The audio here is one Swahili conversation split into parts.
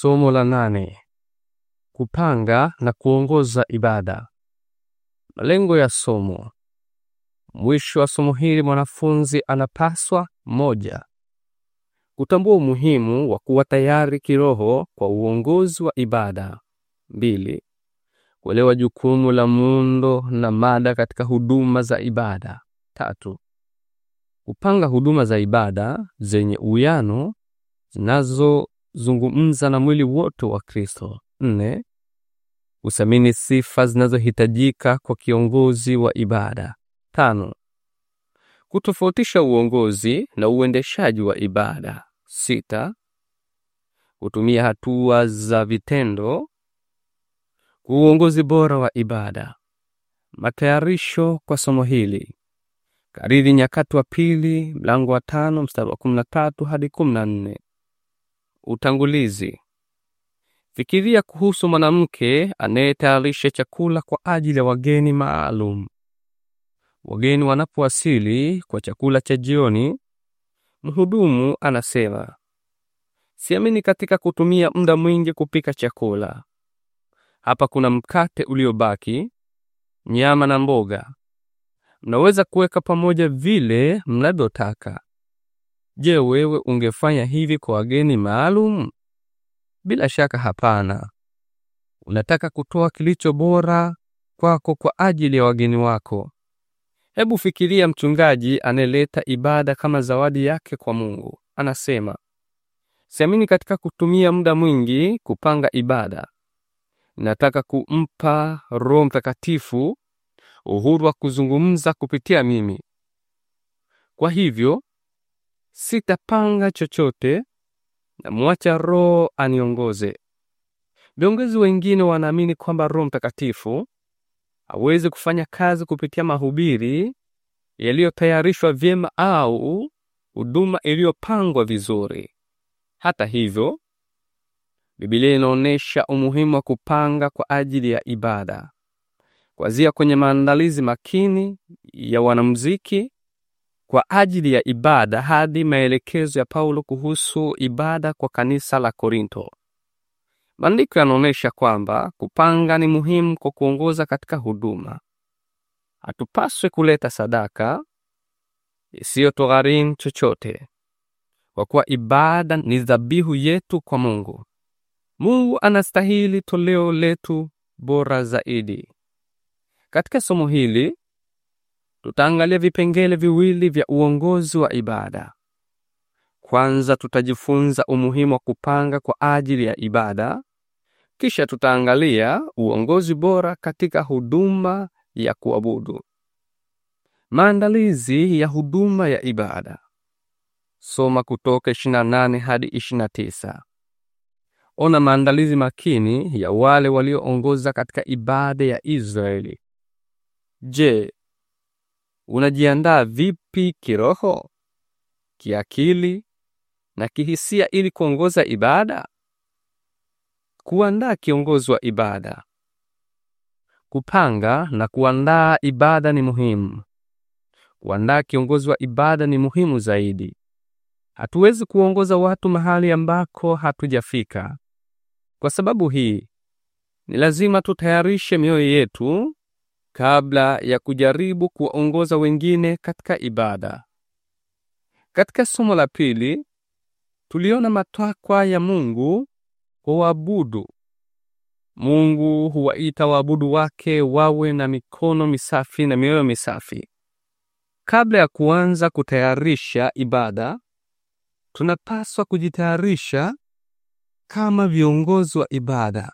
Somo la nane: kupanga na kuongoza ibada. Malengo ya somo: mwisho wa somo hili mwanafunzi anapaswa: moja, kutambua umuhimu wa kuwa tayari kiroho kwa uongozi wa ibada; mbili, kuelewa jukumu la muundo na mada katika huduma za ibada; tatu, kupanga huduma za ibada zenye uwiano zinazo zungumza na mwili wote wa Kristo. Nne, usamini sifa zinazohitajika kwa kiongozi wa ibada. Tano, kutofautisha uongozi na uendeshaji wa ibada. Sita, kutumia hatua za vitendo kwa uongozi bora wa ibada. Matayarisho kwa somo hili kariri Nyakati wa Pili, mlango wa tano mstari wa kumi na tatu hadi kumi na nne. Utangulizi. Fikiria kuhusu mwanamke anayetayarisha chakula kwa ajili ya wageni maalum. Wageni wanapowasili kwa chakula cha jioni, mhudumu anasema, siamini katika kutumia muda mwingi kupika chakula. Hapa kuna mkate uliobaki, nyama na mboga. Mnaweza kuweka pamoja vile mnavyotaka. Je, wewe ungefanya hivi kwa wageni maalum? Bila shaka hapana. Unataka kutoa kilicho bora kwako kwa ajili ya wageni wako. Hebu fikiria mchungaji anayeleta ibada kama zawadi yake kwa Mungu. Anasema, siamini katika kutumia muda mwingi kupanga ibada. Nataka kumpa Roho Mtakatifu uhuru wa kuzungumza kupitia mimi. Kwa hivyo sitapanga chochote, mwacha Roho aniongoze. Viongozi wengine wanaamini kwamba Roho Mtakatifu hawezi kufanya kazi kupitia mahubiri yaliyotayarishwa vyema au huduma iliyopangwa vizuri. Hata hivyo, Biblia inaonyesha umuhimu wa kupanga kwa ajili ya ibada, kuanzia kwenye maandalizi makini ya wanamuziki kwa ajili ya ibada hadi maelekezo ya Paulo kuhusu ibada kwa kanisa la Korinto. Maandiko yanaonyesha kwamba kupanga ni muhimu kwa kuongoza katika huduma. hatupaswe kuleta sadaka isiyotogharimu chochote, kwa kuwa ibada ni dhabihu yetu kwa Mungu. Mungu anastahili toleo letu bora zaidi. Katika somo hili tutaangalia vipengele viwili vya uongozi wa ibada. Kwanza tutajifunza umuhimu wa kupanga kwa ajili ya ibada, kisha tutaangalia uongozi bora katika huduma ya kuabudu. Maandalizi ya huduma ya ibada. Soma Kutoka 28 hadi 29. Ona maandalizi makini ya wale walioongoza katika ibada ya Israeli. Je, Unajiandaa vipi kiroho, kiakili na kihisia ili kuongoza ibada? Kuandaa kiongozi wa ibada. Kupanga na kuandaa ibada ni muhimu. Kuandaa kiongozi wa ibada ni muhimu zaidi. Hatuwezi kuongoza watu mahali ambako hatujafika. Kwa sababu hii, ni lazima tutayarishe mioyo yetu kabla ya kujaribu kuwaongoza wengine katika ibada. Katika somo la pili tuliona matakwa ya Mungu kwa waabudu. Mungu huwaita waabudu wake wawe na mikono misafi na mioyo misafi. Kabla ya kuanza kutayarisha ibada, tunapaswa kujitayarisha kama viongozi wa ibada.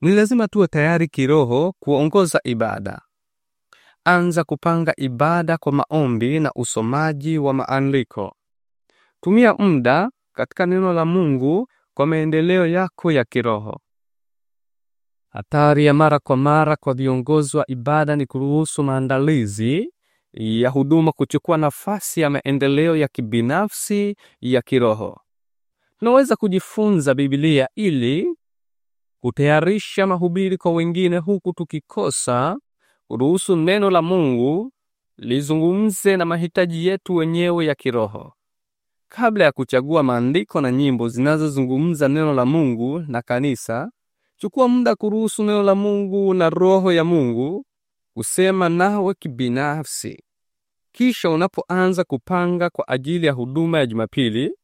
Ni lazima tuwe tayari kiroho kuongoza ibada. Anza kupanga ibada kwa maombi na usomaji wa maandiko. Tumia muda katika neno la Mungu kwa maendeleo yako ya kiroho. Hatari ya mara kwa mara kwa viongozi wa ibada ni kuruhusu maandalizi ya huduma kuchukua nafasi ya maendeleo ya kibinafsi ya kiroho. Tunaweza kujifunza Biblia ili kutayarisha mahubiri kwa wengine, huku tukikosa kuruhusu neno la Mungu lizungumze na mahitaji yetu wenyewe ya kiroho. Kabla ya kuchagua maandiko na nyimbo zinazozungumza neno la Mungu na kanisa, chukua muda kuruhusu neno la Mungu na Roho ya Mungu kusema nawe kibinafsi. Kisha unapoanza kupanga kwa ajili ya huduma ya Jumapili,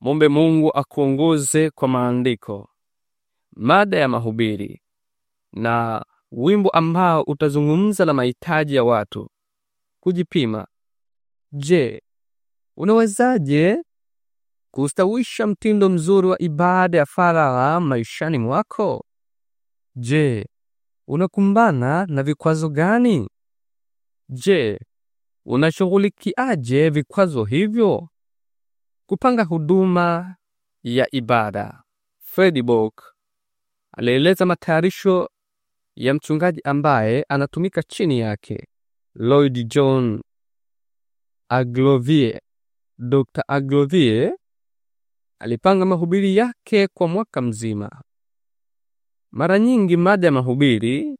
mombe Mungu akuongoze kwa maandiko mada ya mahubiri na wimbo ambao utazungumza la mahitaji ya watu. Kujipima. Je, unawezaje kustawisha mtindo mzuri wa ibada ya faragha maishani mwako? Je, unakumbana na vikwazo gani? Je, unashughulikiaje vikwazo hivyo? Kupanga huduma ya ibada. Freddy Bock alieleza matayarisho ya mchungaji ambaye anatumika chini yake Lloyd John Aglovie. Dr. Aglovie alipanga mahubiri yake kwa mwaka mzima. Mara nyingi mada ya mahubiri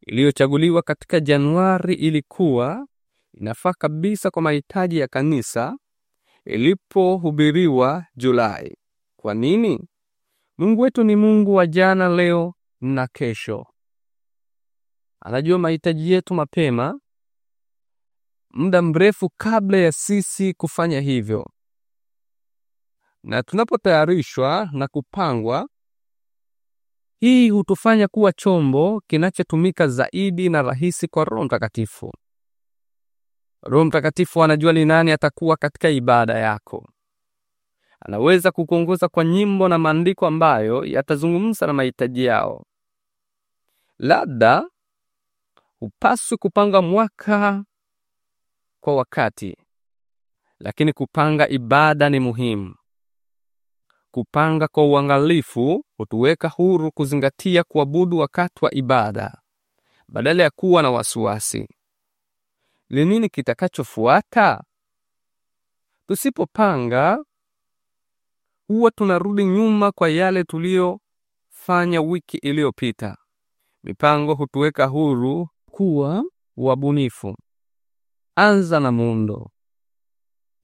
iliyochaguliwa katika Januari ilikuwa inafaa kabisa kwa mahitaji ya kanisa ilipohubiriwa Julai. Kwa nini? Mungu wetu ni Mungu wa jana, leo na kesho. Anajua mahitaji yetu mapema, muda mrefu kabla ya sisi kufanya hivyo, na tunapotayarishwa na kupangwa, hii hutufanya kuwa chombo kinachotumika zaidi na rahisi kwa Roho Mtakatifu. Roho Mtakatifu anajua ni nani atakuwa katika ibada yako anaweza kukuongoza kwa nyimbo na maandiko ambayo yatazungumza na mahitaji yao. Labda hupaswi kupanga mwaka kwa wakati, lakini kupanga ibada ni muhimu. Kupanga kwa uangalifu hutuweka huru kuzingatia kuabudu wakati wa ibada badala ya kuwa na wasiwasi ni nini kitakachofuata. Tusipopanga huwa tunarudi nyuma kwa yale tuliyofanya wiki iliyopita. Mipango hutuweka huru kuwa wabunifu. Anza na muundo.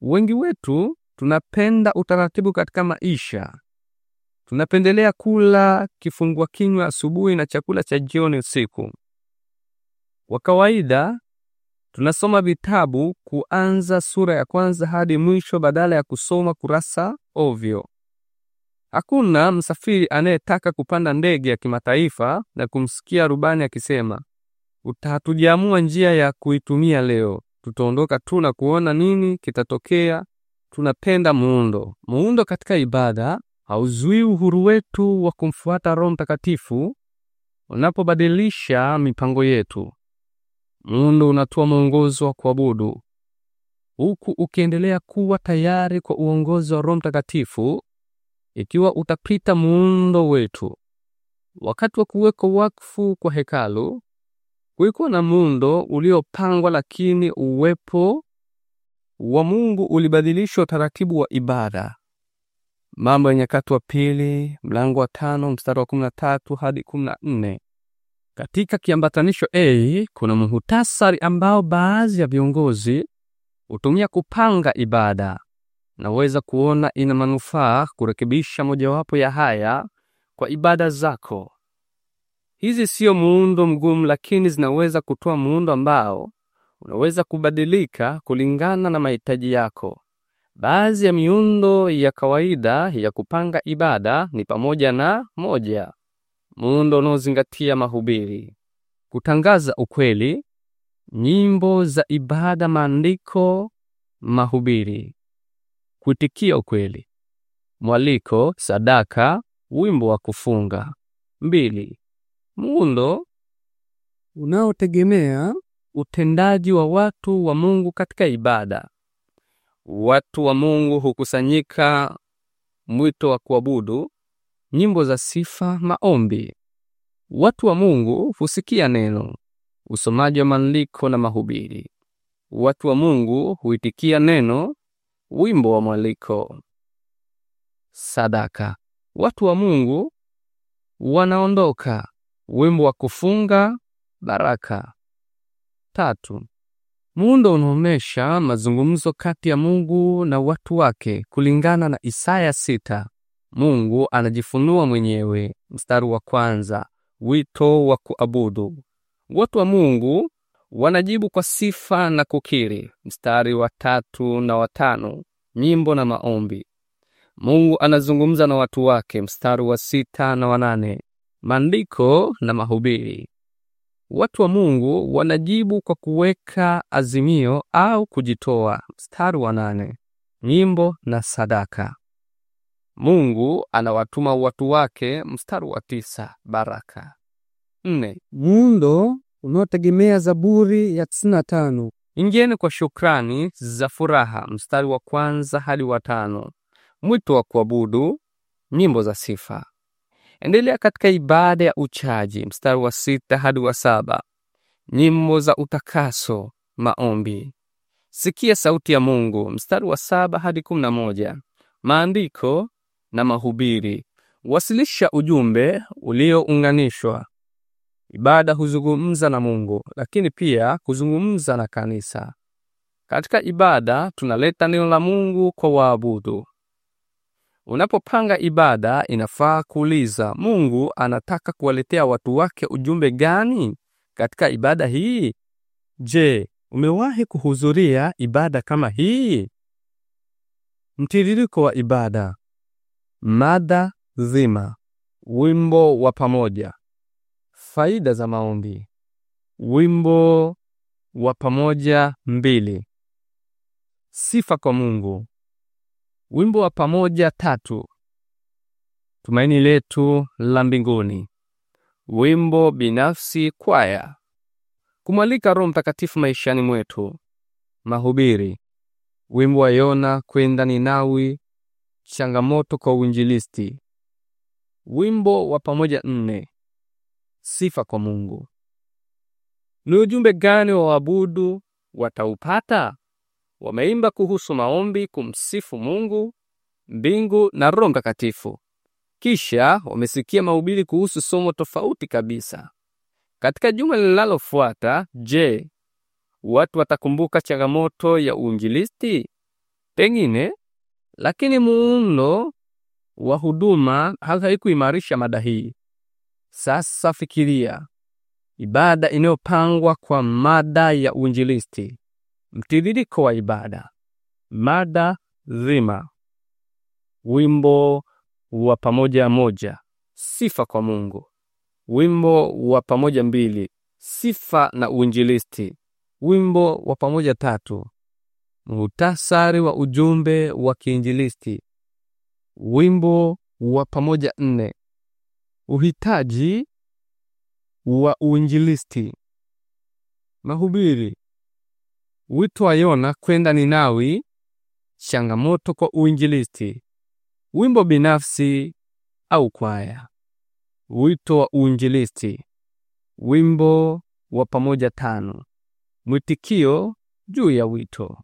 Wengi wetu tunapenda utaratibu katika maisha. Tunapendelea kula kifungua kinywa asubuhi na chakula cha jioni usiku. Kwa kawaida tunasoma vitabu kuanza sura ya kwanza hadi mwisho badala ya kusoma kurasa ovyo. Hakuna msafiri anayetaka kupanda ndege ya kimataifa na kumsikia rubani akisema, hatujamua njia ya kuitumia leo, tutaondoka tu na kuona nini kitatokea. Tunapenda muundo. Muundo katika ibada hauzuii uhuru wetu wa kumfuata Roho Mtakatifu unapobadilisha mipango yetu. Muundo unatoa mwongozo wa kuabudu huku ukiendelea kuwa tayari kwa uongozi wa Roho Mtakatifu ikiwa utapita muundo wetu. Wakati wa kuweka wakfu kwa hekalu, kulikuwa na muundo uliopangwa, lakini uwepo wa Mungu ulibadilisha utaratibu wa ibada. Mambo ya Nyakati wa Pili mlango wa tano mstari wa tatu hadi nne. Katika kiambatanisho A kuna muhutasari ambao baadhi ya viongozi hutumia kupanga ibada naweza kuona ina manufaa kurekebisha mojawapo ya haya kwa ibada zako. Hizi sio muundo mgumu, lakini zinaweza kutoa muundo ambao unaweza kubadilika kulingana na mahitaji yako. Baadhi ya miundo ya kawaida ya kupanga ibada ni pamoja na moja, muundo unaozingatia mahubiri, kutangaza ukweli, nyimbo za ibada, maandiko, mahubiri kuitikia ukweli, mwaliko, sadaka, wimbo wa kufunga. Mbili, muundo unaotegemea utendaji wa watu wa Mungu katika ibada. Watu wa Mungu hukusanyika, mwito wa kuabudu, nyimbo za sifa, maombi. Watu wa Mungu husikia neno, usomaji wa maandiko na mahubiri. Watu wa Mungu huitikia neno Wimbo wa mwaliko. Sadaka. Watu wa Mungu wanaondoka. Wimbo wa kufunga baraka. Tatu. Muundo unaonesha mazungumzo kati ya Mungu na watu wake kulingana na Isaya sita. Mungu anajifunua mwenyewe. Mstari wa kwanza. Wito wa kuabudu. Watu wa Mungu Wanajibu kwa sifa na kukiri, mstari wa tatu na watano, nyimbo na maombi. Mungu anazungumza na watu wake, mstari wa sita na wanane, maandiko na mahubiri. Watu wa Mungu wanajibu kwa kuweka azimio au kujitoa, mstari wa nane, nyimbo na sadaka. Mungu anawatuma watu wake, mstari wa tisa, baraka. Nne, muundo unaotegemea Zaburi ya 95. Ingieni kwa shukrani za furaha, mstari wa kwanza hadi wa tano. Mwito wa kuabudu, nyimbo za sifa. Endelea katika ibada ya uchaji, mstari wa sita hadi wa saba. Nyimbo za utakaso, maombi. Sikia sauti ya Mungu, mstari wa saba hadi kumi na moja. Maandiko na mahubiri. Wasilisha ujumbe uliounganishwa. Ibada huzungumza na Mungu, lakini pia kuzungumza na kanisa. Katika ibada tunaleta neno la Mungu kwa waabudu. Unapopanga ibada, inafaa kuuliza Mungu anataka kuwaletea watu wake ujumbe gani katika ibada hii? Je, umewahi kuhudhuria ibada kama hii? Mtiririko wa ibada: mada, zima, wimbo wa pamoja, Faida za maombi. Wimbo wa pamoja mbili. Sifa kwa Mungu. Wimbo wa pamoja tatu. Tumaini letu la mbinguni. Wimbo binafsi kwaya. Kumwalika Roho Mtakatifu maishani mwetu. Mahubiri. Wimbo wa Yona kwenda Ninawi. Changamoto kwa uinjilisti. Wimbo wa pamoja nne. Sifa kwa Mungu. Ni ujumbe gani wa waabudu wataupata? Wameimba kuhusu maombi, kumsifu Mungu, mbingu na Roho Mtakatifu. Kisha wamesikia mahubiri kuhusu somo tofauti kabisa. Katika juma linalofuata, je, watu watakumbuka changamoto ya uinjilisti? Pengine, lakini muundo wa huduma haikuimarisha mada hii. Sasa fikiria ibada inayopangwa kwa mada ya uinjilisti, mtiririko wa ibada, mada zima, wimbo wa pamoja moja, sifa kwa Mungu, wimbo wa pamoja mbili, sifa na uinjilisti, wimbo wa pamoja tatu, muhtasari wa ujumbe wa kiinjilisti, wimbo wa pamoja nne, Uhitaji wa uinjilisti. Mahubiri. Wito wa Yona kwenda Ninawi. Changamoto kwa uinjilisti. Wimbo binafsi au kwaya. Wito wa uinjilisti. Wimbo wa pamoja tano. Mwitikio juu ya wito.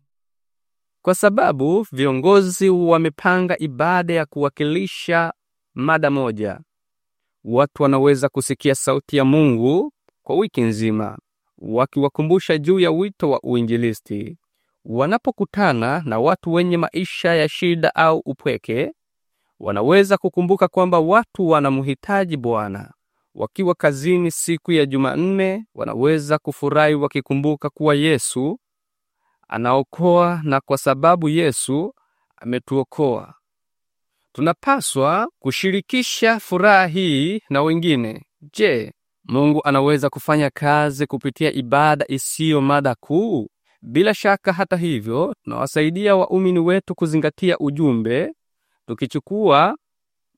Kwa sababu viongozi wamepanga ibada ya kuwakilisha mada moja. Watu wanaweza kusikia sauti ya Mungu kwa wiki nzima, wakiwakumbusha juu ya wito wa uinjilisti. Wanapokutana na watu wenye maisha ya shida au upweke, wanaweza kukumbuka kwamba watu wanamhitaji Bwana. Wakiwa kazini siku ya Jumanne, wanaweza kufurahi wakikumbuka kuwa Yesu anaokoa na kwa sababu Yesu ametuokoa tunapaswa kushirikisha furaha hii na wengine. Je, Mungu anaweza kufanya kazi kupitia ibada isiyo mada kuu? Bila shaka. Hata hivyo, tunawasaidia waumini wetu kuzingatia ujumbe, tukichukua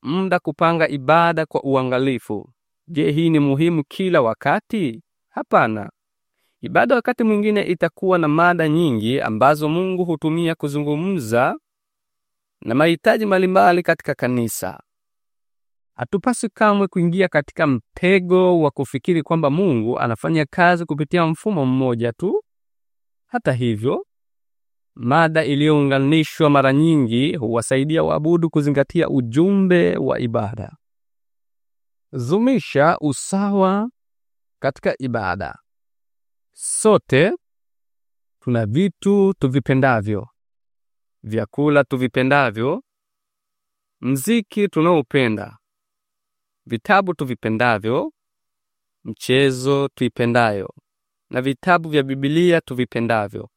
muda kupanga ibada kwa uangalifu. Je, hii ni muhimu kila wakati? Hapana. Ibada wakati mwingine itakuwa na mada nyingi ambazo Mungu hutumia kuzungumza na mahitaji mbalimbali katika kanisa. Hatupaswi kamwe kuingia katika mtego wa kufikiri kwamba Mungu anafanya kazi kupitia mfumo mmoja tu. Hata hivyo, mada iliyounganishwa mara nyingi huwasaidia waabudu kuzingatia ujumbe wa ibada. Zumisha usawa katika ibada. Sote tuna vitu tuvipendavyo vyakula tuvipendavyo, mziki tunaoupenda, vitabu tuvipendavyo, mchezo tuipendayo na vitabu vya Biblia tuvipendavyo.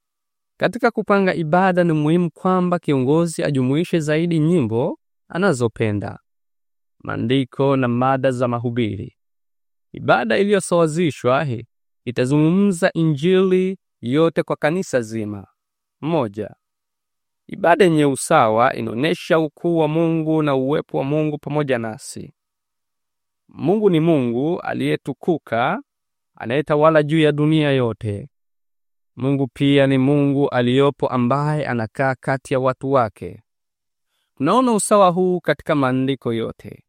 Katika kupanga ibada, ni muhimu kwamba kiongozi ajumuishe zaidi nyimbo anazopenda, maandiko na mada za mahubiri. Ibada iliyosawazishwa itazungumza injili yote kwa kanisa zima moja. Ibada yenye usawa inaonyesha ukuu wa Mungu na uwepo wa Mungu pamoja nasi. Mungu ni Mungu aliyetukuka anayetawala juu ya dunia yote. Mungu pia ni Mungu aliyopo ambaye anakaa kati ya watu wake. Tunaona usawa huu katika maandiko yote.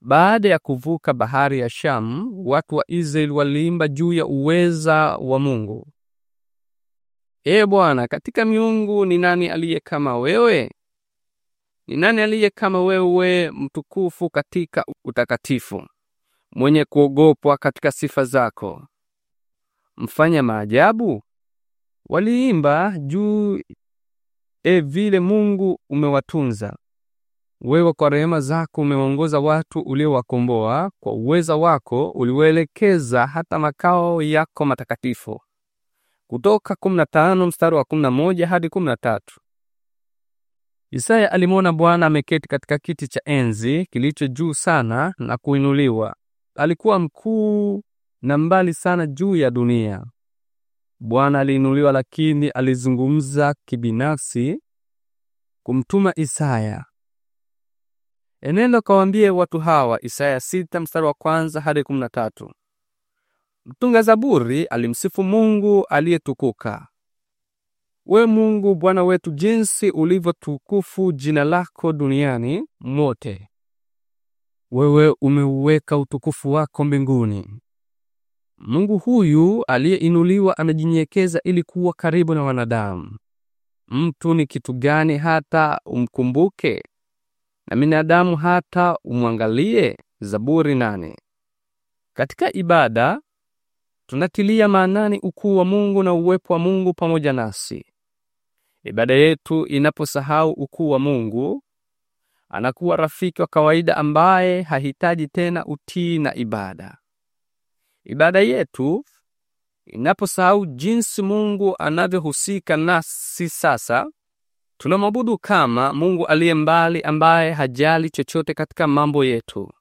Baada ya kuvuka bahari ya Shamu, watu wa Israeli waliimba juu ya uweza wa Mungu. Ee Bwana, katika miungu ni nani aliye kama wewe? Ni nani aliye kama wewe, mtukufu katika utakatifu, mwenye kuogopwa katika sifa zako, mfanya maajabu? Waliimba juu e vile Mungu umewatunza wewe. Kwa rehema zako umewaongoza watu uliowakomboa, kwa uweza wako uliwaelekeza hata makao yako matakatifu. Kutoka 15 mstari wa 11 hadi 13. Isaya alimwona Bwana ameketi katika kiti cha enzi kilicho juu sana na kuinuliwa. Alikuwa mkuu na mbali sana juu ya dunia. Bwana aliinuliwa, lakini alizungumza kibinafsi kumtuma Isaya. Enenda kawaambie watu hawa, Isaya 6 mstari wa kwanza hadi 13. Mtunga Zaburi alimsifu Mungu aliyetukuka. We Mungu Bwana wetu, jinsi ulivyotukufu jina lako duniani mote! Wewe umeuweka utukufu wako mbinguni. Mungu huyu aliyeinuliwa amejinyekeza ili kuwa karibu na wanadamu. Mtu ni kitu gani hata umkumbuke, na binadamu hata umwangalie? Zaburi nane. Katika ibada tunatilia maanani ukuu wa Mungu na uwepo wa Mungu pamoja nasi. Ibada yetu inaposahau ukuu wa Mungu, anakuwa rafiki wa kawaida ambaye hahitaji tena utii na ibada. Ibada yetu inaposahau jinsi Mungu anavyohusika nasi sasa, tunamwabudu kama Mungu aliye mbali ambaye hajali chochote katika mambo yetu.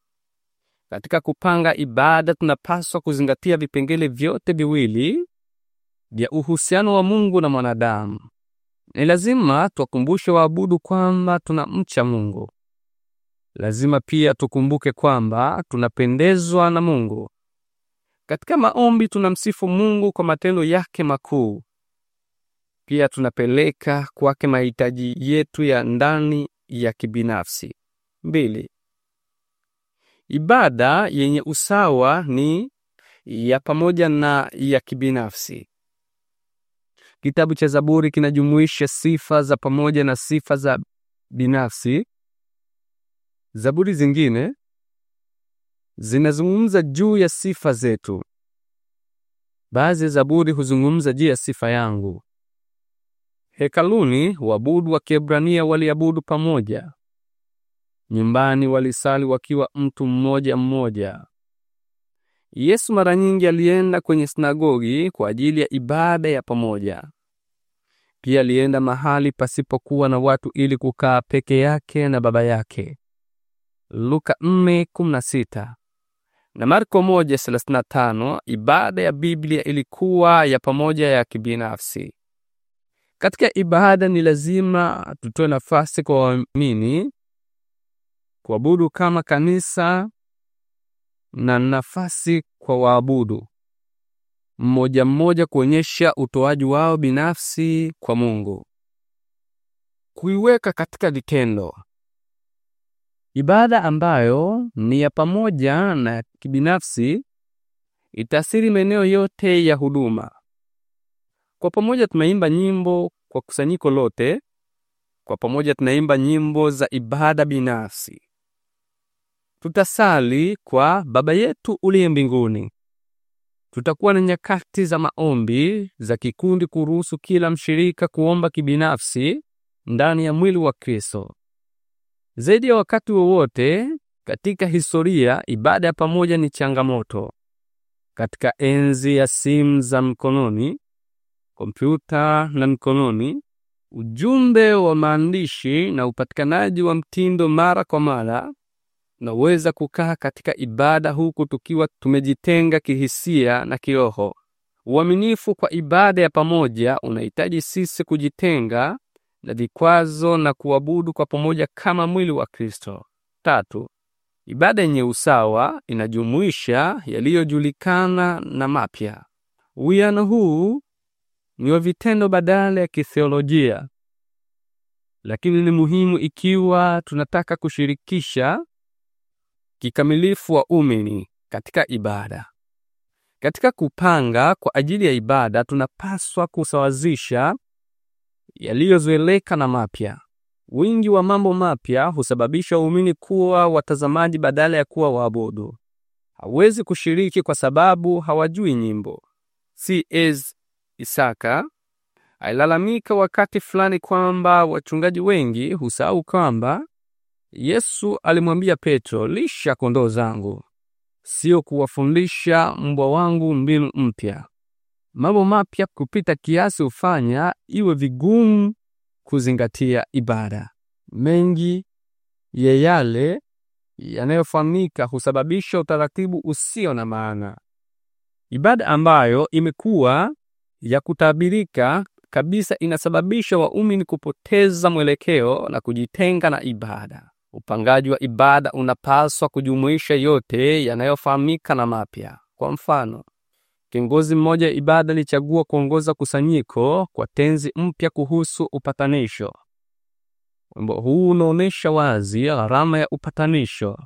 Katika kupanga ibada tunapaswa kuzingatia vipengele vyote viwili vya uhusiano wa Mungu na mwanadamu. Ni lazima tuwakumbushe waabudu kwamba tunamcha Mungu. Lazima pia tukumbuke kwamba tunapendezwa na Mungu. Katika maombi tunamsifu Mungu kwa matendo yake makuu. Pia tunapeleka kwake mahitaji yetu ya ndani ya kibinafsi. Mbili, Ibada yenye usawa ni ya pamoja na ya kibinafsi. Kitabu cha Zaburi kinajumuisha sifa za pamoja na sifa za binafsi. Zaburi zingine zinazungumza juu ya sifa zetu. Baadhi ya Zaburi huzungumza juu ya sifa yangu. Hekaluni waabudu wa Kiebrania waliabudu pamoja. Nyumbani walisali wakiwa mtu mmoja mmoja. Yesu mara nyingi alienda kwenye sinagogi kwa ajili ya ibada ya pamoja. Pia alienda mahali pasipokuwa na watu ili kukaa peke yake na Baba yake. Luka 4:16 na Marko 1:35. Ibada ya Biblia ilikuwa ya pamoja ya kibinafsi. Katika ibada ni lazima tutoe nafasi kwa waamini kuabudu kama kanisa na nafasi kwa waabudu mmoja mmoja kuonyesha utoaji wao binafsi kwa Mungu. Kuiweka katika vitendo. Ibada ambayo ni ya pamoja na kibinafsi itasiri maeneo yote ya huduma. Kwa pamoja tunaimba nyimbo kwa kusanyiko lote. Kwa pamoja tunaimba nyimbo za ibada binafsi tutasali kwa Baba yetu uliye mbinguni. Tutakuwa na nyakati za maombi za kikundi kuruhusu kila mshirika kuomba kibinafsi ndani ya mwili wa Kristo. Zaidi ya wakati wowote katika historia, ibada ya pamoja ni changamoto. Katika enzi ya simu za mkononi, kompyuta na mkononi, ujumbe wa maandishi na upatikanaji wa mtindo mara kwa mara, tunaweza kukaa katika ibada huku tukiwa tumejitenga kihisia na kiroho. Uaminifu kwa ibada ya pamoja unahitaji sisi kujitenga na vikwazo na kuabudu kwa pamoja kama mwili wa Kristo. Tatu, ibada yenye usawa inajumuisha yaliyojulikana na mapya. Uwiano huu ni wa vitendo badala ya kitheolojia, lakini ni muhimu ikiwa tunataka kushirikisha kikamilifu wa umini katika ibada. Katika kupanga kwa ajili ya ibada, tunapaswa kusawazisha yaliyozoeleka na mapya. Wingi wa mambo mapya husababisha waumini kuwa watazamaji badala ya kuwa waabudu. Hawezi kushiriki kwa sababu hawajui nyimbo. C.S. Isaka ailalamika wakati fulani kwamba wachungaji wengi husahau kwamba Yesu alimwambia Petro, lisha kondoo zangu, sio kuwafundisha mbwa wangu mbinu mpya. Mambo mapya kupita kiasi hufanya iwe vigumu kuzingatia ibada. Mengi ya yale yanayofanyika husababisha utaratibu usio na maana. Ibada ambayo imekuwa ya kutabirika kabisa inasababisha waumini kupoteza mwelekeo na kujitenga na ibada. Upangaji wa ibada unapaswa kujumuisha yote yanayofahamika na mapya. Kwa mfano, kiongozi mmoja ibada alichagua kuongoza kusanyiko kwa tenzi mpya kuhusu upatanisho. Wimbo huu unaonesha wazi gharama ya upatanisho.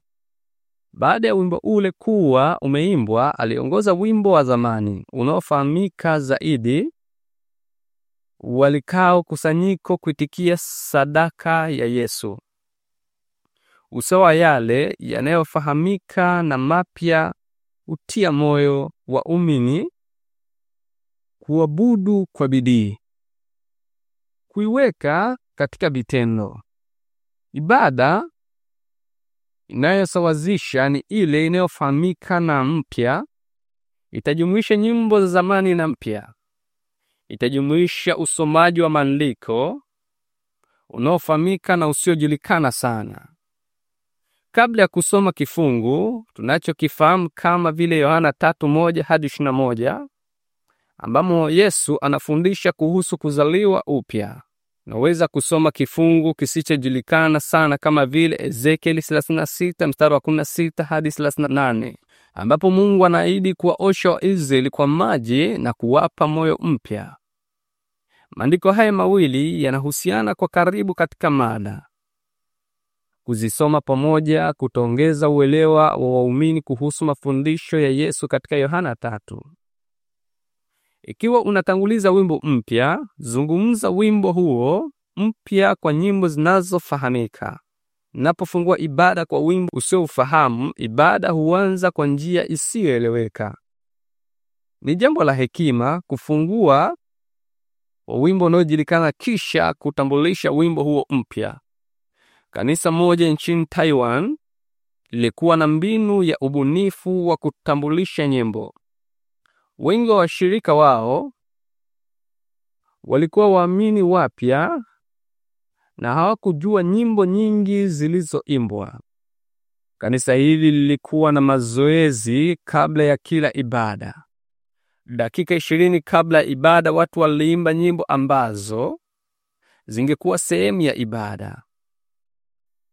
Baada ya wimbo ule kuwa umeimbwa, aliongoza wimbo wa zamani unaofahamika zaidi. Walikao kusanyiko kuitikia sadaka ya Yesu usawa yale yanayofahamika na mapya utia moyo wa umini kuabudu kwa bidii. Kuiweka katika vitendo. Ibada inayosawazisha ni ile inayofahamika na mpya. Itajumuisha nyimbo za zamani na mpya. Itajumuisha usomaji wa maandiko unaofahamika na usiojulikana sana. Kabla ya kusoma kifungu tunachokifahamu kama vile Yohana 3:1 hadi 21 ambamo Yesu anafundisha kuhusu kuzaliwa upya. Naweza kusoma kifungu kisichojulikana sana kama vile Ezekieli 36 mstari wa 16 hadi 38 ambapo Mungu anaahidi kuwaosha Waisraeli kwa maji na kuwapa moyo mpya. Maandiko haya mawili yanahusiana kwa karibu katika mada kuzisoma pamoja kutaongeza uelewa wa waumini kuhusu mafundisho ya Yesu katika Yohana tatu. Ikiwa unatanguliza wimbo mpya, zungumza wimbo huo mpya kwa nyimbo zinazofahamika. Napofungua ibada kwa wimbo usioufahamu, ibada huanza kwa njia isiyoeleweka. Ni jambo la hekima kufungua wimbo unaojulikana kisha kutambulisha wimbo huo mpya. Kanisa moja nchini Taiwan lilikuwa na mbinu ya ubunifu wa kutambulisha nyimbo. Wengi wa washirika wao walikuwa waamini wapya na hawakujua nyimbo nyingi zilizoimbwa. Kanisa hili lilikuwa na mazoezi kabla ya kila ibada. Dakika ishirini kabla ya ibada, watu waliimba nyimbo ambazo zingekuwa sehemu ya ibada.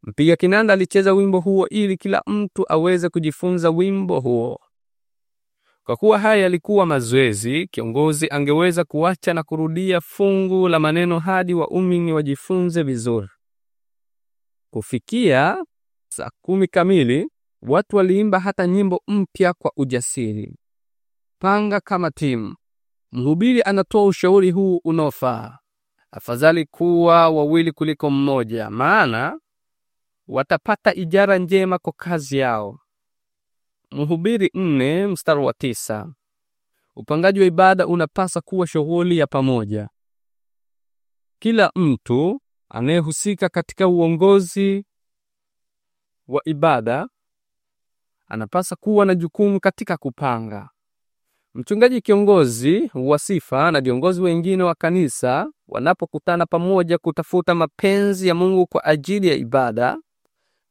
Mpiga kinanda alicheza wimbo huo ili kila mtu aweze kujifunza wimbo huo. Kwa kuwa haya yalikuwa mazoezi, kiongozi angeweza kuacha na kurudia fungu la maneno hadi waumini wajifunze vizuri. Kufikia saa kumi kamili, watu waliimba hata nyimbo mpya kwa ujasiri. Panga kama timu. Mhubiri anatoa ushauri huu unaofaa: afadhali kuwa wawili kuliko mmoja, maana watapata ijara njema kwa kazi yao. Mhubiri nne mstari wa tisa. Upangaji wa ibada unapasa kuwa shughuli ya pamoja. Kila mtu anayehusika katika uongozi wa ibada anapasa kuwa na jukumu katika kupanga. Mchungaji kiongozi wa sifa na viongozi wengine wa kanisa wanapokutana pamoja kutafuta mapenzi ya Mungu kwa ajili ya ibada,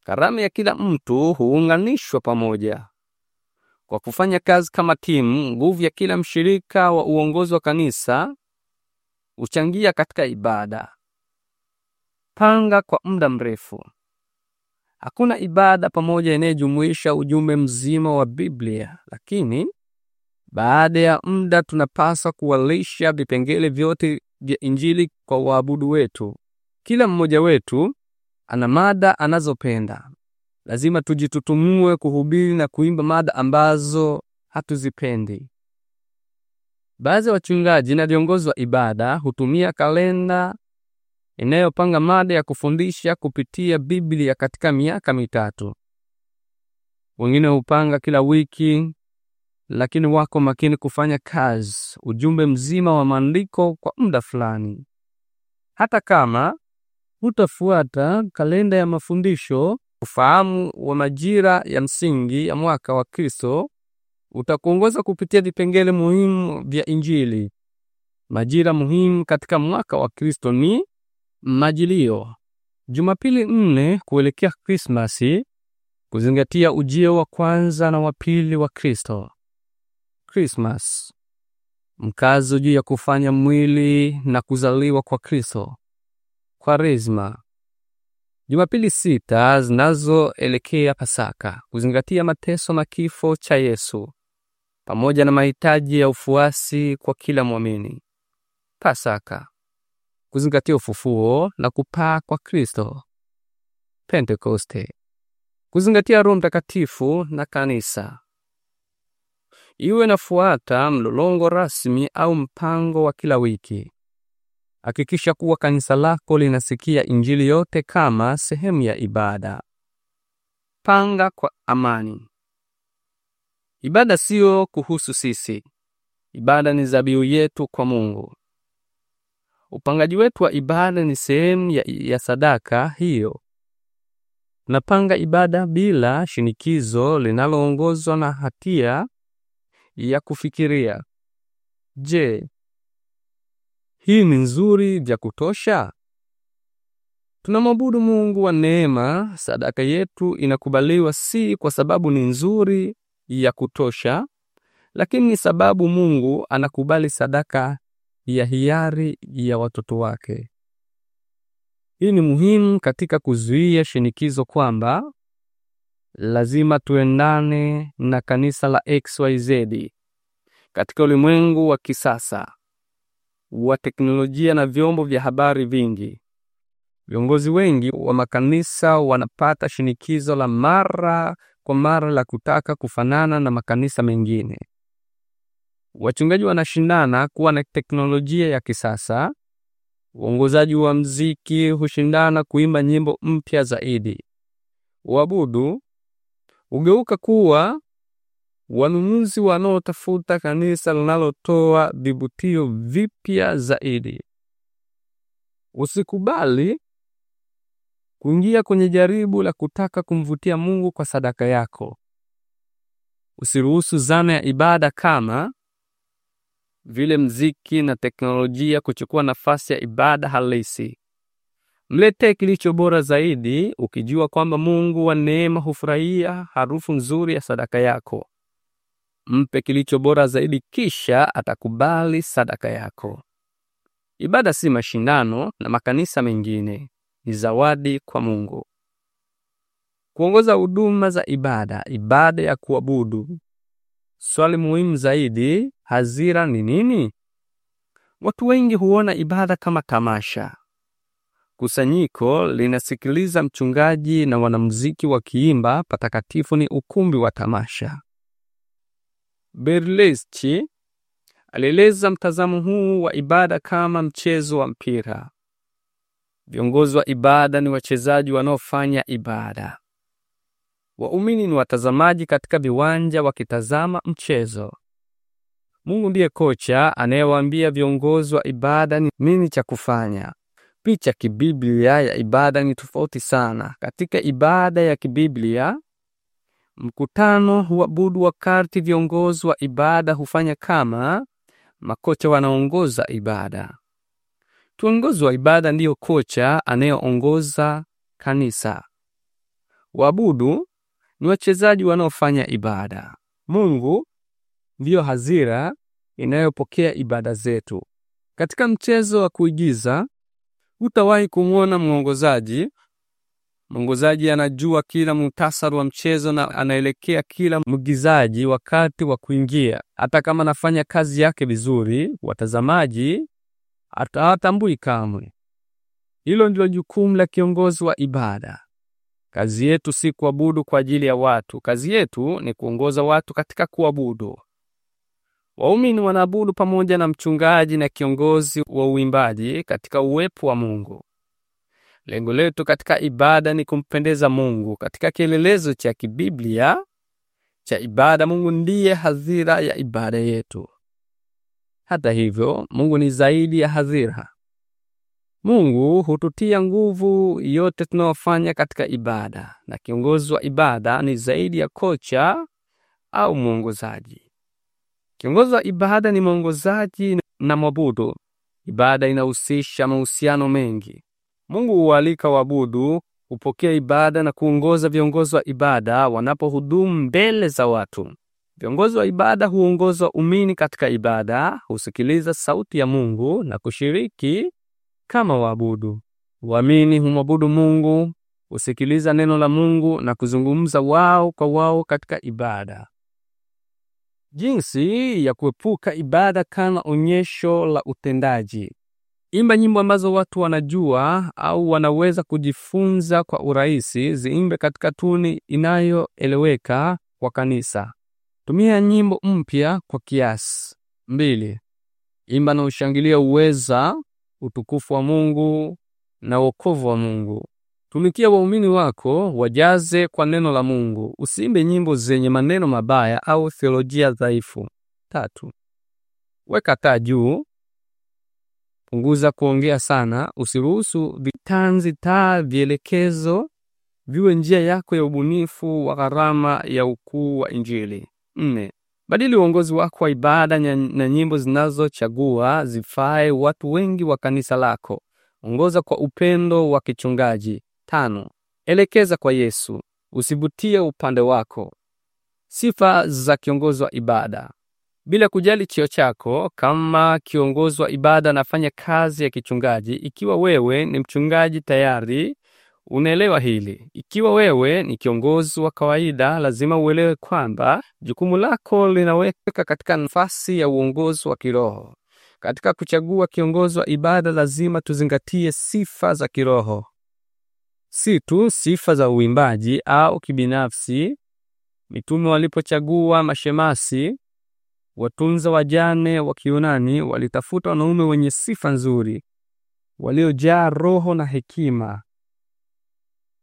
Karamu ya kila mtu huunganishwa pamoja kwa kufanya kazi kama timu. Nguvu ya kila mshirika wa uongozi wa kanisa huchangia katika ibada. Panga kwa muda mrefu. Hakuna ibada pamoja inayojumuisha ujumbe mzima wa Biblia, lakini baada ya muda tunapaswa kuwalisha vipengele vyote vya Injili kwa waabudu wetu. Kila mmoja wetu ana mada anazopenda. Lazima tujitutumue kuhubiri na kuimba mada ambazo hatuzipendi. Baadhi ya wachungaji na viongozi wa ibada hutumia kalenda inayopanga mada ya kufundisha kupitia Biblia katika miaka mitatu. Wengine hupanga kila wiki, lakini wako makini kufanya kazi ujumbe mzima wa maandiko kwa muda fulani, hata kama hutafuata kalenda ya mafundisho. Ufahamu wa majira ya msingi ya mwaka wa Kristo utakuongoza kupitia vipengele muhimu vya Injili. Majira muhimu katika mwaka wa Kristo ni Majilio, Jumapili nne kuelekea Krismasi, kuzingatia ujio wa kwanza na wa pili wa Kristo. Krismas, mkazo juu ya kufanya mwili na kuzaliwa kwa Kristo. Kwaresma. Jumapili sita zinazoelekea Pasaka, kuzingatia mateso na kifo cha Yesu pamoja na mahitaji ya ufuasi kwa kila mwamini. Pasaka, kuzingatia ufufuo na kupaa kwa Kristo. Pentekoste, kuzingatia Roho Mtakatifu na kanisa. Iwe nafuata mlolongo rasmi au mpango wa kila wiki. Hakikisha kuwa kanisa lako linasikia injili yote kama sehemu ya ibada. Panga kwa amani. Ibada siyo kuhusu sisi. Ibada ni zabiu yetu kwa Mungu. Upangaji wetu wa ibada ni sehemu ya, ya sadaka hiyo. Napanga ibada bila shinikizo linaloongozwa na hatia ya kufikiria. Je, hii ni nzuri vya kutosha? Tunamwabudu Mungu wa neema. Sadaka yetu inakubaliwa si kwa sababu ni nzuri ya kutosha, lakini ni sababu Mungu anakubali sadaka ya hiari ya watoto wake. Hii ni muhimu katika kuzuia shinikizo kwamba lazima tuendane na kanisa la XYZ katika ulimwengu wa kisasa wa teknolojia na vyombo vya habari vingi. Viongozi wengi wa makanisa wanapata shinikizo la mara kwa mara la kutaka kufanana na makanisa mengine. Wachungaji wanashindana kuwa na teknolojia ya kisasa. Uongozaji wa mziki hushindana kuimba nyimbo mpya zaidi. Uabudu ugeuka kuwa wanunuzi wanaotafuta kanisa linalotoa vivutio vipya zaidi. Usikubali kuingia kwenye jaribu la kutaka kumvutia Mungu kwa sadaka yako. Usiruhusu zana ya ibada kama vile mziki na teknolojia kuchukua nafasi ya ibada halisi. Mlete kilicho bora zaidi, ukijua kwamba Mungu wa neema hufurahia harufu nzuri ya sadaka yako mpe kilicho bora zaidi, kisha atakubali sadaka yako. Ibada si mashindano na makanisa mengine, ni zawadi kwa Mungu. Kuongoza huduma za ibada, ibada ya kuabudu. Swali muhimu zaidi, hazira ni nini? Watu wengi huona ibada kama tamasha. Kusanyiko linasikiliza mchungaji na wanamuziki wakiimba, patakatifu ni ukumbi wa tamasha. Berlesti alieleza mtazamo huu wa ibada kama mchezo wa mpira. Viongozi wa ibada ni wachezaji wanaofanya ibada. Waumini ni watazamaji katika viwanja wakitazama mchezo. Mungu ndiye kocha anayewaambia viongozi wa ibada ni nini cha kufanya. Picha kibiblia ya ibada ni tofauti sana. Katika ibada ya kibiblia Mkutano huabudu wakati viongozi wa ibada hufanya kama makocha wanaongoza ibada. Kiongozi wa ibada ndiyo kocha anayeongoza kanisa. Waabudu ni wachezaji wanaofanya ibada. Mungu ndiyo hazira inayopokea ibada zetu. Katika mchezo wa kuigiza, utawahi kumwona mwongozaji Mwongozaji anajua kila muhtasari wa mchezo na anaelekea kila mwigizaji wakati wa kuingia. Hata kama anafanya kazi yake vizuri, watazamaji hawatambui kamwe. Hilo ndilo jukumu la kiongozi wa ibada. Kazi yetu si kuabudu kwa ajili ya watu. Kazi yetu ni kuongoza watu katika kuabudu. Waumini wanaabudu pamoja na mchungaji na kiongozi wa uimbaji katika uwepo wa Mungu. Lengo letu katika ibada ni kumpendeza Mungu. Katika kielelezo cha kibiblia cha ibada, Mungu ndiye hadhira ya ibada yetu. Hata hivyo, Mungu ni zaidi ya hadhira. Mungu hututia nguvu yote tunayofanya katika ibada, na kiongozi wa ibada ni zaidi ya kocha au mwongozaji. Kiongozi wa ibada ni mwongozaji na mwabudu. Ibada inahusisha mahusiano mengi. Mungu hualika waabudu, hupokea ibada na kuongoza viongozi wa ibada wanapohudumu mbele za watu. Viongozi wa ibada huongozwa umini katika ibada, husikiliza sauti ya Mungu na kushiriki kama waabudu. Waamini humwabudu Mungu, husikiliza neno la Mungu na kuzungumza wao kwa wao katika ibada. Jinsi ya kuepuka ibada kama onyesho la utendaji. Imba nyimbo ambazo watu wanajua au wanaweza kujifunza kwa urahisi. Ziimbe katika tuni inayoeleweka kwa kanisa. Tumia nyimbo mpya kwa kiasi. Mbili, imba na ushangilia uweza, utukufu wa Mungu na wokovu wa Mungu. Tumikia waumini wako, wajaze kwa neno la Mungu. Usiimbe nyimbo zenye maneno mabaya au theolojia dhaifu. Tatu, weka taa juu Punguza kuongea sana, usiruhusu vitanzi taa vielekezo viwe njia yako ya ubunifu wa gharama ya ukuu wa Injili. Nne, badili uongozi wako wa ibada na nyimbo zinazochagua zifae watu wengi wa kanisa lako. Ongoza kwa upendo wa kichungaji. Tano, elekeza kwa Yesu, usivutie upande wako. Sifa za kiongozi wa ibada bila kujali cheo chako. Kama kiongozi wa ibada anafanya kazi ya kichungaji, ikiwa wewe ni mchungaji tayari unaelewa hili. Ikiwa wewe ni kiongozi wa kawaida, lazima uelewe kwamba jukumu lako linaweka katika nafasi ya uongozi wa kiroho. Katika kuchagua kiongozi wa ibada, lazima tuzingatie sifa za kiroho, si tu sifa za uimbaji au kibinafsi. Mitume walipochagua mashemasi Watunza wajane wa Kiyunani walitafuta wanaume wenye sifa nzuri, waliojaa roho na hekima.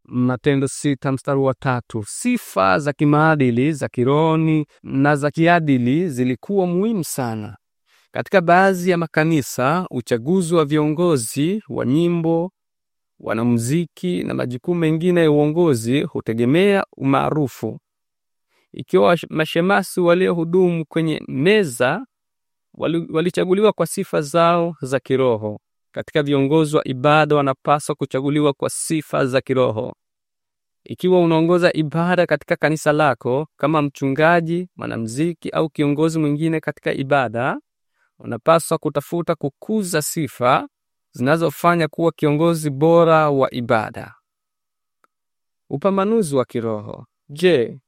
Matendo sita mstari wa tatu. Sifa za kimaadili za kironi na za kiadili zilikuwa muhimu sana. Katika baadhi ya makanisa, uchaguzi wa viongozi wa nyimbo, wanamuziki na majukumu mengine ya uongozi hutegemea umaarufu ikiwa mashemasi waliohudumu kwenye meza walichaguliwa kwa sifa zao za kiroho. Katika viongozi wa ibada wanapaswa kuchaguliwa kwa sifa za kiroho. Ikiwa unaongoza ibada katika kanisa lako kama mchungaji, mwanamuziki au kiongozi mwingine katika ibada, unapaswa kutafuta kukuza sifa zinazofanya kuwa kiongozi bora wa ibada. Upambanuzi wa kiroho. Je,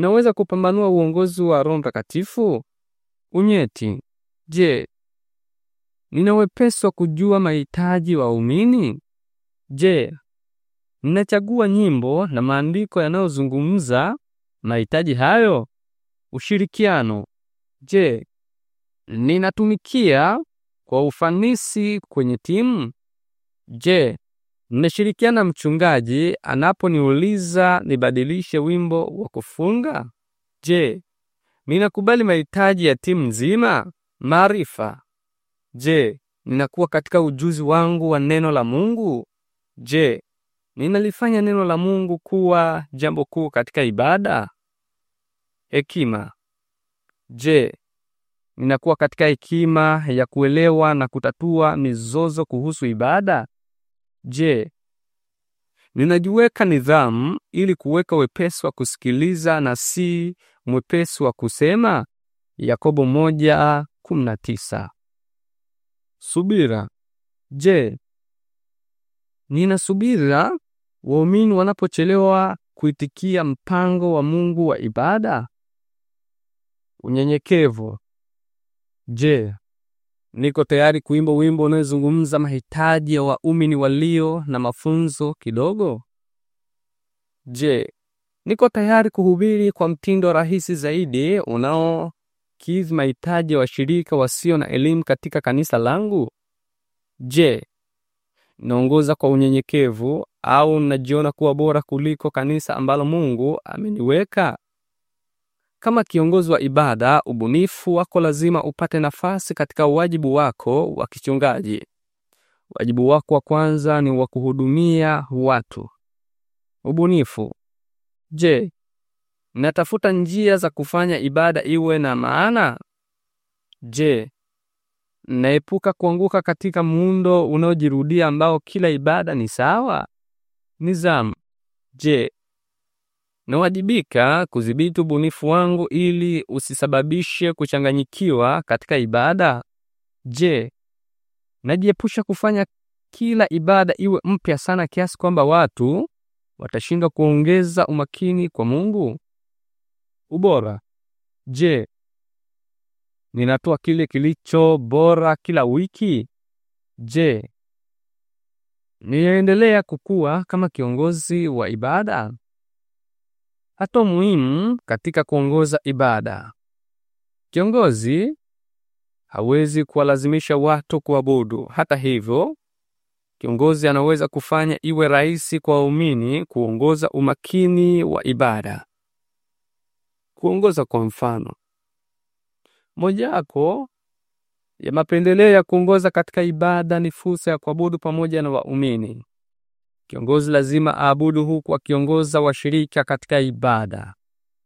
naweza kupambanua uongozi wa Roho Mtakatifu? Unyeti. Je, nina wepesi wa kujua mahitaji umini? Je, ninachagua nyimbo na maandiko yanayozungumza mahitaji hayo? Ushirikiano. Je, ninatumikia kwa ufanisi kwenye timu? Je, Nimeshirikiana mchungaji anaponiuliza nibadilishe wimbo wa kufunga. Je, ninakubali mahitaji ya timu nzima? Maarifa. Je, ninakuwa katika ujuzi wangu wa neno la Mungu? Je, ninalifanya neno la Mungu kuwa jambo kuu katika ibada? Hekima. Je, ninakuwa katika hekima ya kuelewa na kutatua mizozo kuhusu ibada? Je, ninajiweka nidhamu ili kuweka wepesi wa kusikiliza na si mwepesi wa kusema? Yakobo 1:19. Subira. Je, ninasubira waumini wanapochelewa kuitikia mpango wa Mungu wa ibada? Unyenyekevu. Je, Niko tayari kuimba wimbo unaozungumza mahitaji ya waumini walio na mafunzo kidogo? Je, niko tayari kuhubiri kwa mtindo rahisi zaidi unaokidhi mahitaji ya washirika wasio na elimu katika kanisa langu? Je, naongoza kwa unyenyekevu au najiona kuwa bora kuliko kanisa ambalo Mungu ameniweka? Kama kiongozi wa ibada, ubunifu wako lazima upate nafasi katika wajibu wako wa kichungaji. Wajibu wako wa kwanza ni wa kuhudumia watu. Ubunifu. Je, natafuta njia za kufanya ibada iwe na maana? Je, naepuka kuanguka katika muundo unaojirudia ambao kila ibada ni sawa? Nizamu. Je, Nawajibika kudhibiti ubunifu wangu ili usisababishe kuchanganyikiwa katika ibada. Je, najiepusha kufanya kila ibada iwe mpya sana kiasi kwamba watu watashindwa kuongeza umakini kwa Mungu? Ubora. Je, ninatoa kile kilicho bora kila wiki? Je, niendelea kukua kama kiongozi wa ibada? hatua muhimu katika kuongoza ibada. Kiongozi hawezi kuwalazimisha watu kuabudu. Hata hivyo, kiongozi anaweza kufanya iwe rahisi kwa waumini kuongoza umakini wa ibada. Kuongoza kwa mfano, mojawapo ya mapendeleo ya kuongoza katika ibada ni fursa ya kuabudu pamoja na waumini. Kiongozi lazima aabudu huku akiongoza washirika katika ibada.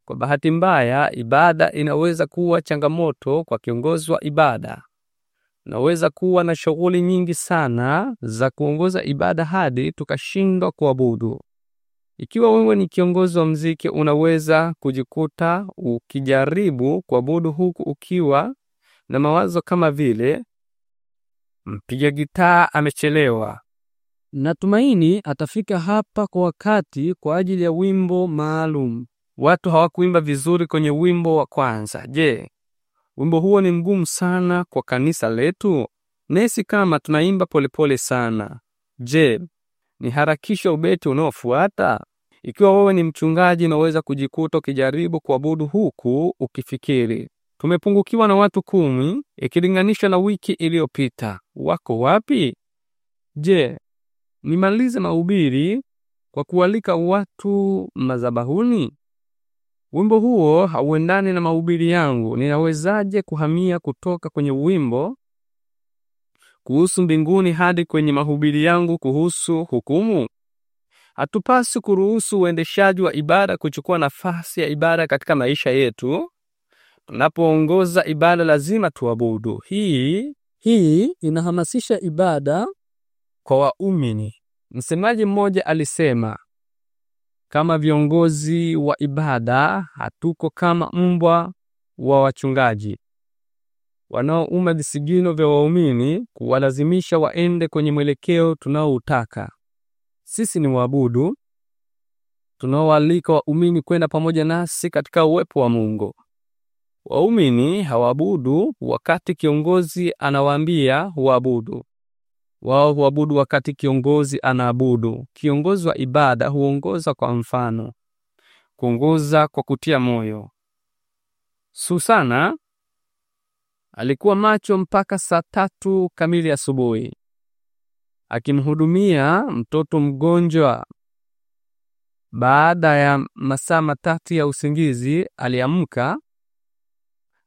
Kwa bahati mbaya, ibada inaweza kuwa changamoto kwa kiongozi wa ibada. Unaweza kuwa na shughuli nyingi sana za kuongoza ibada hadi tukashindwa kuabudu. Ikiwa wewe ni kiongozi wa mziki, unaweza kujikuta ukijaribu kuabudu huku ukiwa na mawazo kama vile mpiga gitaa amechelewa, Natumaini atafika hapa kwa wakati kwa ajili ya wimbo maalum. Watu hawakuimba vizuri kwenye wimbo wa kwanza. Je, wimbo huo ni mgumu sana kwa kanisa letu? Nesi kama tunaimba polepole sana. Je, ni harakisha ubeti unaofuata? Ikiwa wewe ni mchungaji, unaweza kujikuta ukijaribu kuabudu huku ukifikiri tumepungukiwa na watu kumi ikilinganisha na wiki iliyopita. Wako wapi? Je, Nimalize mahubiri kwa kualika watu madhabahuni. Wimbo huo hauendani na mahubiri yangu. Ninawezaje kuhamia kutoka kwenye wimbo kuhusu mbinguni hadi kwenye mahubiri yangu kuhusu hukumu? Hatupasi kuruhusu uendeshaji wa ibada kuchukua nafasi ya ibada katika maisha yetu. Tunapoongoza ibada lazima tuabudu. Hii hii inahamasisha ibada kwa waumini. Msemaji mmoja alisema, kama viongozi wa ibada hatuko kama mbwa wa wachungaji wanaouma visigino vya waumini kuwalazimisha waende kwenye mwelekeo tunaoutaka. Sisi ni waabudu tunaowaalika waumini kwenda pamoja nasi katika uwepo wa Mungu. Waumini hawaabudu wakati kiongozi anawaambia waabudu. Wao huabudu wakati kiongozi anaabudu. Kiongozi wa ibada huongoza kwa mfano, kuongoza kwa kutia moyo. Susana alikuwa macho mpaka saa tatu kamili asubuhi akimhudumia mtoto mgonjwa. Baada ya masaa matatu ya usingizi, aliamka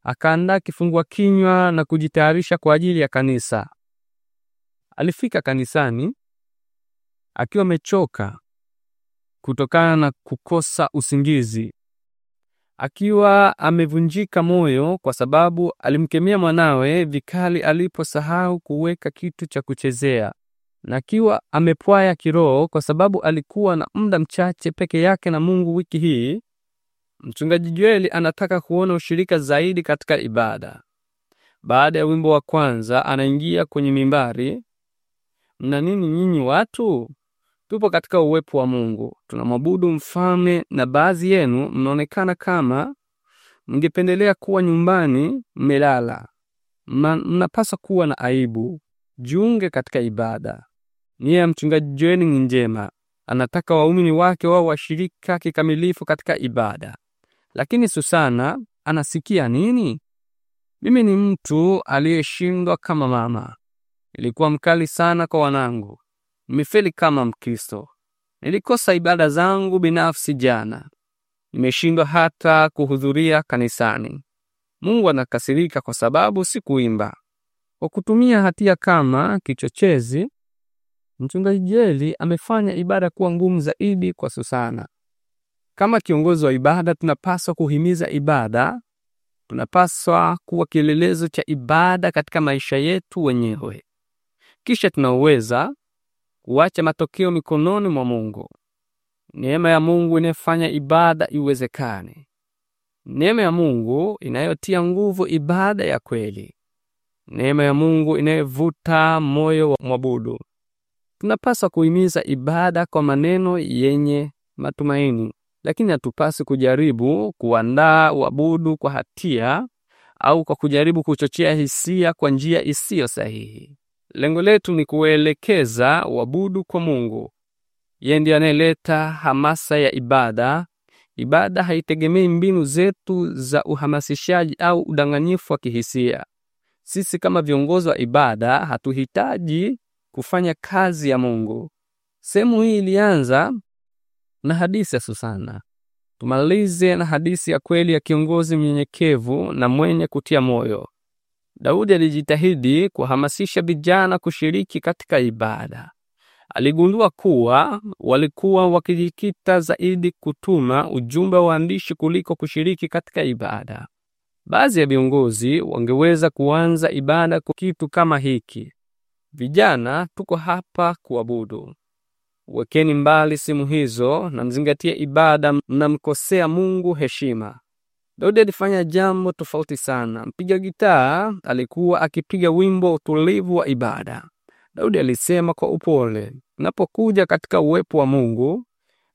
akaandaa kifungua kinywa na kujitayarisha kwa ajili ya kanisa. Alifika kanisani akiwa amechoka kutokana na kukosa usingizi, akiwa amevunjika moyo kwa sababu alimkemea mwanawe vikali aliposahau kuweka kitu cha kuchezea, na akiwa amepwaya kiroho kwa sababu alikuwa na muda mchache peke yake na Mungu wiki hii. Mchungaji Jweli anataka kuona ushirika zaidi katika ibada. Baada ya wimbo wa kwanza, anaingia kwenye mimbari na nini nyinyi watu? Tupo katika uwepo wa Mungu, tunamwabudu mfalme, na baadhi yenu mnaonekana kama mngependelea kuwa nyumbani mmelala. Mnapaswa kuwa na aibu. Jiunge katika ibada. Nia ya mchungaji Joel ni njema, anataka waumini wake wao washirika kikamilifu katika ibada. Lakini Susana anasikia nini? Mimi ni mtu aliyeshindwa kama mama ilikuwa mkali sana kwa wanangu, nimefeli kama Mkristo. Nilikosa ibada zangu binafsi jana, nimeshindwa hata kuhudhuria kanisani. Mungu anakasirika kwa sababu sikuimba. Kwa kutumia hatia kama kichochezi, mchungaji Jeli amefanya ibada kuwa ngumu zaidi kwa Susana. Kama kiongozi wa ibada, tunapaswa kuhimiza ibada. Tunapaswa kuwa kielelezo cha ibada katika maisha yetu wenyewe. Kisha tunaweza kuacha matokeo mikononi mwa Mungu. Neema ya Mungu inayofanya ibada iwezekane, neema ya Mungu inayotia nguvu ibada ya kweli, neema ya Mungu inayovuta moyo wa mwabudu. Tunapaswa kuhimiza ibada kwa maneno yenye matumaini, lakini hatupasi kujaribu kuandaa uabudu kwa hatia au kwa kujaribu kuchochea hisia kwa njia isiyo sahihi. Lengo letu ni kuelekeza wabudu kwa Mungu. Yeye ndiye anayeleta hamasa ya ibada. Ibada haitegemei mbinu zetu za uhamasishaji au udanganyifu wa kihisia. Sisi kama viongozi wa ibada hatuhitaji kufanya kazi ya Mungu. Sehemu hii ilianza na hadithi ya Susana. Tumalize na hadithi ya kweli ya kiongozi mnyenyekevu na mwenye kutia moyo. Daudi alijitahidi kuhamasisha vijana kushiriki katika ibada. Aligundua kuwa walikuwa wakijikita zaidi kutuma ujumbe waandishi kuliko kushiriki katika ibada. Baadhi ya viongozi wangeweza kuanza ibada kwa kitu kama hiki: vijana, tuko hapa kuabudu. Wekeni mbali simu hizo na mzingatie ibada, mnamkosea Mungu heshima. Daudi alifanya jambo tofauti sana. Mpiga gitaa alikuwa akipiga wimbo wa utulivu wa ibada. Daudi alisema kwa upole, napokuja katika uwepo wa Mungu,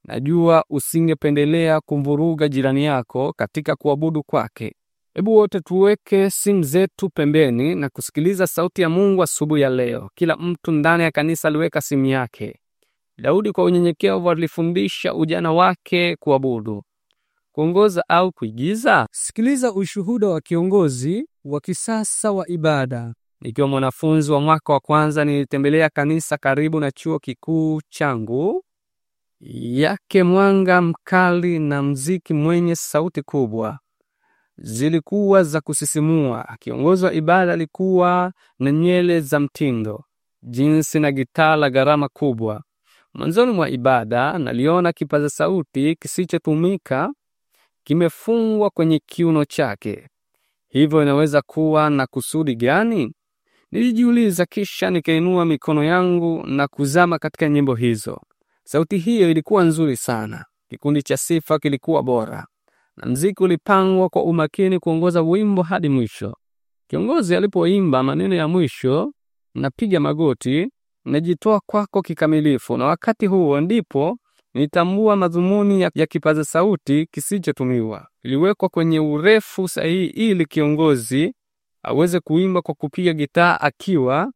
najua usingependelea kumvuruga jirani yako katika kuabudu kwake. Hebu wote tuweke simu zetu pembeni na kusikiliza sauti ya Mungu asubuhi ya leo. Kila mtu ndani ya kanisa aliweka simu yake. Daudi kwa unyenyekevu alifundisha ujana wake kuabudu kuongoza au kuigiza? Sikiliza ushuhuda wa kiongozi wa kisasa wa ibada. Nikiwa mwanafunzi wa mwaka wa kwanza, nilitembelea kanisa karibu na chuo kikuu changu yake mwanga mkali na mziki mwenye sauti kubwa zilikuwa za kusisimua. Kiongozi wa ibada alikuwa na nywele za mtindo, jinsi na gitaa la gharama kubwa. Mwanzoni mwa ibada, naliona kipaza sauti kisichotumika kimefungwa kwenye kiuno chake. Hivyo inaweza kuwa na kusudi gani? Nilijiuliza, kisha nikainua mikono yangu na kuzama katika nyimbo hizo. Sauti hiyo ilikuwa nzuri sana, kikundi cha sifa kilikuwa bora, na mziki ulipangwa kwa umakini kuongoza wimbo hadi mwisho. Kiongozi alipoimba maneno ya mwisho, napiga magoti, najitoa kwako kikamilifu, na wakati huo ndipo Nitambua madhumuni ya, ya kipaza sauti kisichotumiwa iliwekwa kwenye urefu sahihi ili kiongozi aweze kuimba kwa kupiga gitaa akiwa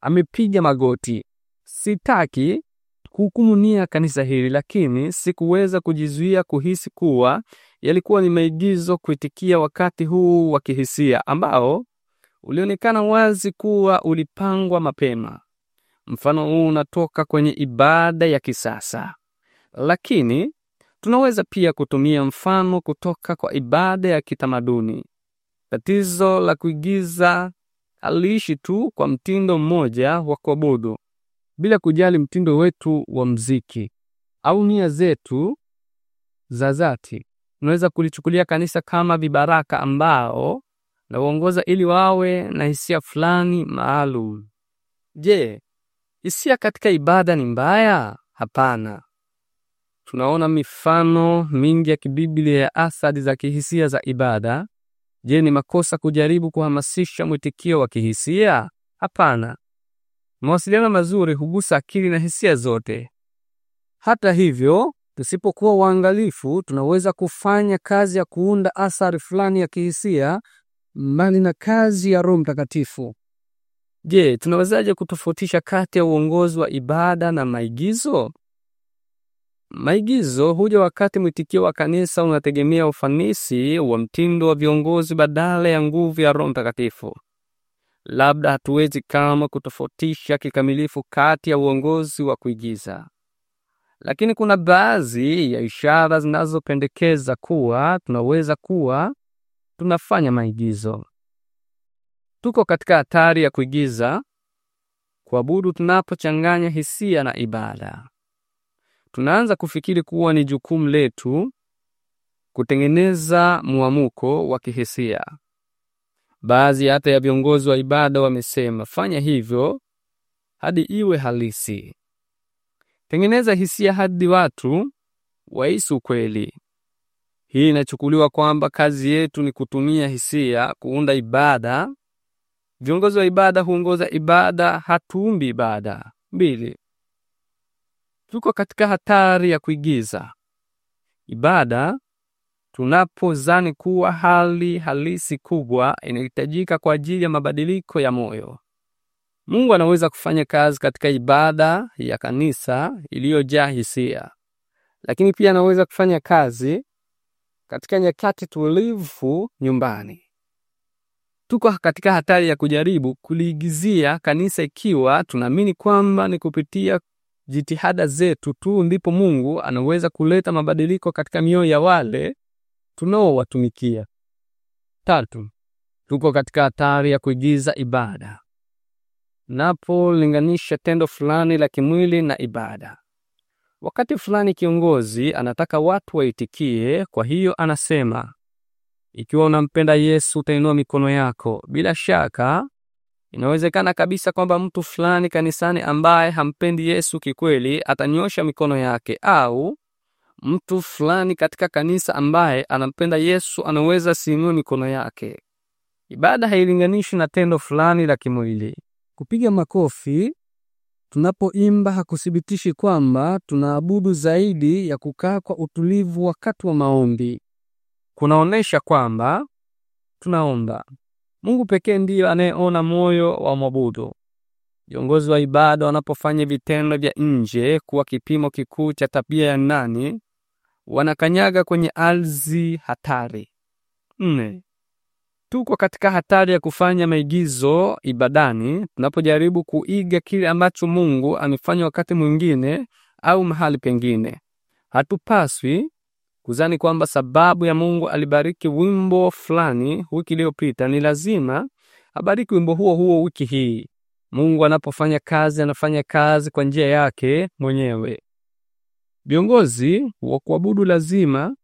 amepiga magoti. Sitaki kuhukumu nia kanisa hili, lakini sikuweza kujizuia kuhisi kuwa yalikuwa ni maigizo kuitikia wakati huu wa kihisia ambao ulionekana wazi kuwa ulipangwa mapema. Mfano huu unatoka kwenye ibada ya kisasa. Lakini tunaweza pia kutumia mfano kutoka kwa ibada ya kitamaduni. Tatizo la kuigiza aliishi tu kwa mtindo mmoja wa kuabudu bila kujali mtindo wetu wa mziki au nia zetu za dhati. Tunaweza kulichukulia kanisa kama vibaraka ambao na uongoza ili wawe na hisia fulani maalum. Je, hisia katika ibada ni mbaya? Hapana tunaona mifano mingi ya kibiblia ya athari za kihisia za ibada. Je, ni makosa kujaribu kuhamasisha mwitikio wa kihisia? Hapana. Mawasiliano mazuri hugusa akili na hisia zote. Hata hivyo, tusipokuwa waangalifu, tunaweza kufanya kazi ya kuunda athari fulani ya kihisia mbali na kazi ya Roho Mtakatifu. Je, tunawezaje kutofautisha kati ya uongozi wa ibada na maigizo? Maigizo huja wakati mwitikio wa kanisa unategemea ufanisi wa mtindo wa viongozi badala ya nguvu ya Roho Mtakatifu. Labda hatuwezi kama kutofautisha kikamilifu kati ya uongozi wa kuigiza, lakini kuna baadhi ya ishara zinazopendekeza kuwa tunaweza kuwa tunafanya maigizo. Tuko katika hatari ya kuigiza kuabudu tunapochanganya hisia na ibada tunaanza kufikiri kuwa ni jukumu letu kutengeneza muamuko wa kihisia. Baadhi hata ya viongozi wa ibada wamesema, fanya hivyo hadi iwe halisi, tengeneza hisia hadi watu waisi ukweli. Hii inachukuliwa kwamba kazi yetu ni kutumia hisia kuunda ibada. Viongozi wa ibada huongoza ibada, hatuumbi ibada. Mbili, tuko katika hatari ya kuigiza ibada tunapozani kuwa hali halisi kubwa inahitajika kwa ajili ya mabadiliko ya moyo. Mungu anaweza kufanya kazi katika ibada ya kanisa iliyojaa hisia, lakini pia anaweza kufanya kazi katika nyakati tulivu nyumbani. Tuko katika hatari ya kujaribu kuliigizia kanisa ikiwa tunaamini kwamba ni kupitia jitihada zetu tu ndipo Mungu anaweza kuleta mabadiliko katika mioyo ya wale tunaowatumikia. Tatu, tuko katika hatari ya kuigiza ibada. Napolinganisha tendo fulani la kimwili na ibada, wakati fulani kiongozi anataka watu waitikie, kwa hiyo anasema, ikiwa unampenda Yesu utainua mikono yako. Bila shaka Inawezekana kabisa kwamba mtu fulani kanisani ambaye hampendi Yesu kikweli atanyosha mikono yake, au mtu fulani katika kanisa ambaye anampenda Yesu anaweza siinue mikono yake. Ibada hailinganishwi na tendo fulani la kimwili. Kupiga makofi tunapoimba hakuthibitishi kwamba tunaabudu zaidi ya kukaa kwa utulivu wakati wa maombi. Kunaonesha kwamba tunaomba. Mungu pekee ndiye anayeona moyo wa mwabudu. Viongozi wa ibada wanapofanya vitendo vya nje kuwa kipimo kikuu cha tabia ya ndani, wanakanyaga kwenye ardhi hatari. Nne, tuko katika hatari ya kufanya maigizo ibadani tunapojaribu kuiga kile ambacho Mungu amefanya wakati mwingine au mahali pengine. Hatupaswi kuzani kwamba sababu ya Mungu alibariki wimbo fulani wiki iliyopita, ni lazima abariki wimbo huo huo wiki hii. Mungu anapofanya kazi, anafanya kazi kwa njia yake mwenyewe. Viongozi wa kuabudu lazima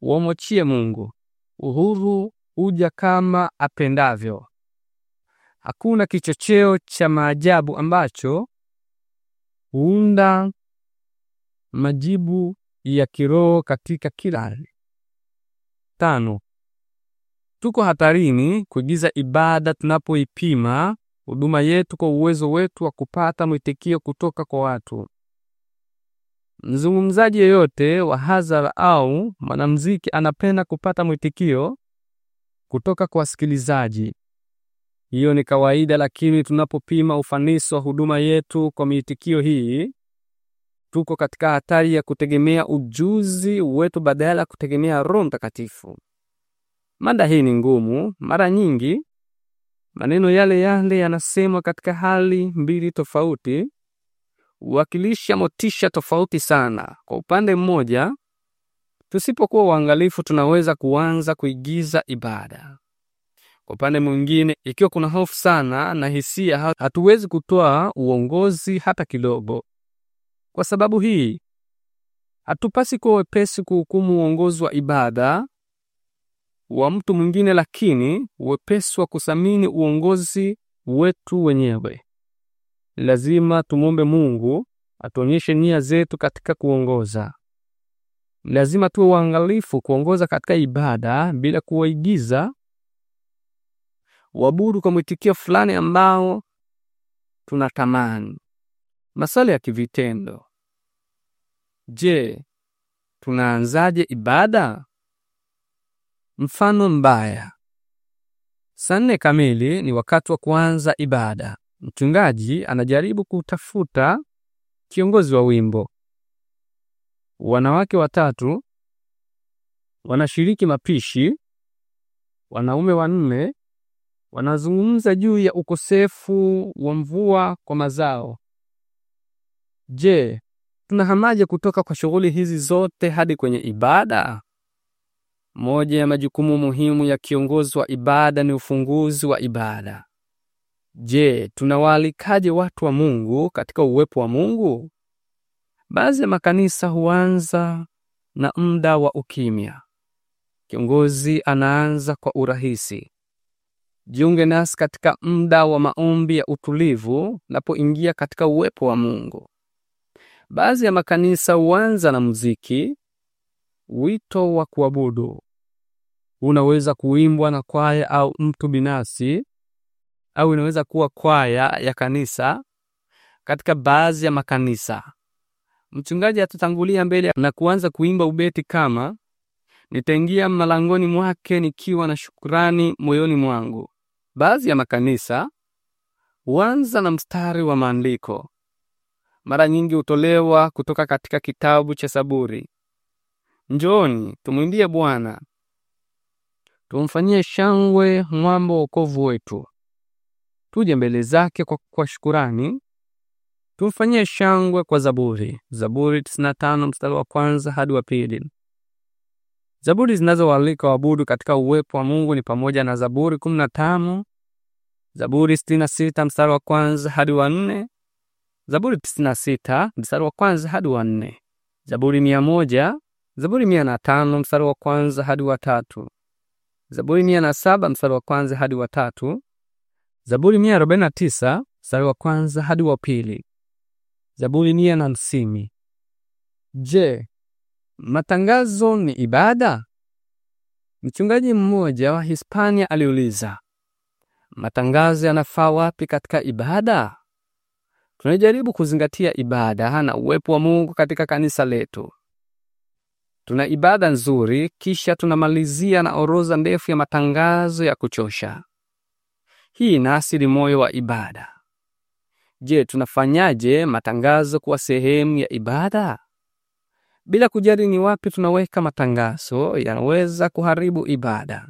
wamwachie Mungu. Uhuru huja kama apendavyo. Hakuna kichocheo cha maajabu ambacho huunda majibu ya kiroho katika kila hali. Tano, tuko hatarini kuigiza ibada tunapoipima huduma yetu kwa uwezo wetu wa kupata mwitikio kutoka kwa watu. Mzungumzaji yeyote wa hadhara au mwanamuziki anapenda kupata mwitikio kutoka kwa wasikilizaji. Hiyo ni kawaida, lakini tunapopima ufanisi wa huduma yetu kwa mwitikio hii tuko katika hatari ya kutegemea ujuzi wetu badala ya kutegemea Roho Mtakatifu. Mada hii ni ngumu. Mara nyingi maneno yale yale yanasemwa katika hali mbili tofauti, wakilisha motisha tofauti sana. Kwa upande mmoja, tusipokuwa uangalifu, tunaweza kuanza kuigiza ibada. Kwa upande mwingine, ikiwa kuna hofu sana na hisia, hatuwezi kutoa uongozi hata kidogo. Kwa sababu hii hatupasi kuwa wepesi kuhukumu uongozi wa ibada wa mtu mwingine, lakini wepesi wa kuthamini uongozi wetu wenyewe. Lazima tumwombe Mungu atuonyeshe nia zetu katika kuongoza. Lazima tuwe waangalifu kuongoza katika ibada bila kuwaigiza waburu kwa mwitikio fulani ambao tunatamani. Masala ya kivitendo. Je, tunaanzaje ibada? Mfano mbaya. Saa nne kamili ni wakati wa kuanza ibada. Mchungaji anajaribu kutafuta kiongozi wa wimbo. Wanawake watatu wanashiriki mapishi. Wanaume wanne wanazungumza juu ya ukosefu wa mvua kwa mazao. Je, tunahamaje kutoka kwa shughuli hizi zote hadi kwenye ibada? Moja ya majukumu muhimu ya kiongozi wa ibada ni ufunguzi wa ibada. Je, tunawaalikaje watu wa Mungu katika uwepo wa Mungu? Baadhi ya makanisa huanza na muda wa ukimya. Kiongozi anaanza kwa urahisi. Jiunge nasi katika muda wa maombi ya utulivu, napoingia katika uwepo wa Mungu. Baadhi ya makanisa huanza na muziki, wito wa kuabudu. Unaweza kuimbwa na kwaya au mtu binafsi, au inaweza kuwa kwaya ya kanisa. Katika baadhi ya makanisa, mchungaji atatangulia mbele na kuanza kuimba ubeti kama nitaingia malangoni mwake nikiwa na shukurani moyoni mwangu. Baadhi ya makanisa huanza na mstari wa maandiko mara nyingi hutolewa kutoka katika kitabu cha Zaburi. Njooni tumwimbie Bwana, tumfanyie shangwe mwamba wa wokovu wetu. Tuje mbele zake kwa, kwa shukurani, tumfanyie shangwe kwa zaburi. Zaburi 95 mstari wa kwanza hadi wa pili. Zaburi zinazowalika waabudu katika uwepo wa Mungu ni pamoja na Zaburi 15, Zaburi 66 mstari wa kwanza hadi wa nne, Zaburi tisini sita mstari wa kwanza hadi wa nne. Zaburi mia moja Zaburi mia na tano mstari wa kwanza hadi wa tatu. Zaburi mia na saba mstari wa kwanza hadi wa tatu. Zaburi mia na tisa mstari wa kwanza hadi wa pili. Zaburi mia na hamsini. Je, matangazo ni ibada? Mchungaji mmoja wa Hispania aliuliza, matangazo yanafaa wapi katika ibada? Tunajaribu kuzingatia ibada na uwepo wa Mungu katika kanisa letu. Tuna ibada nzuri, kisha tunamalizia na orodha ndefu ya matangazo ya kuchosha. Hii inaathiri moyo wa ibada. Je, tunafanyaje matangazo kuwa sehemu ya ibada? Bila kujali ni wapi tunaweka matangazo, yanaweza kuharibu ibada.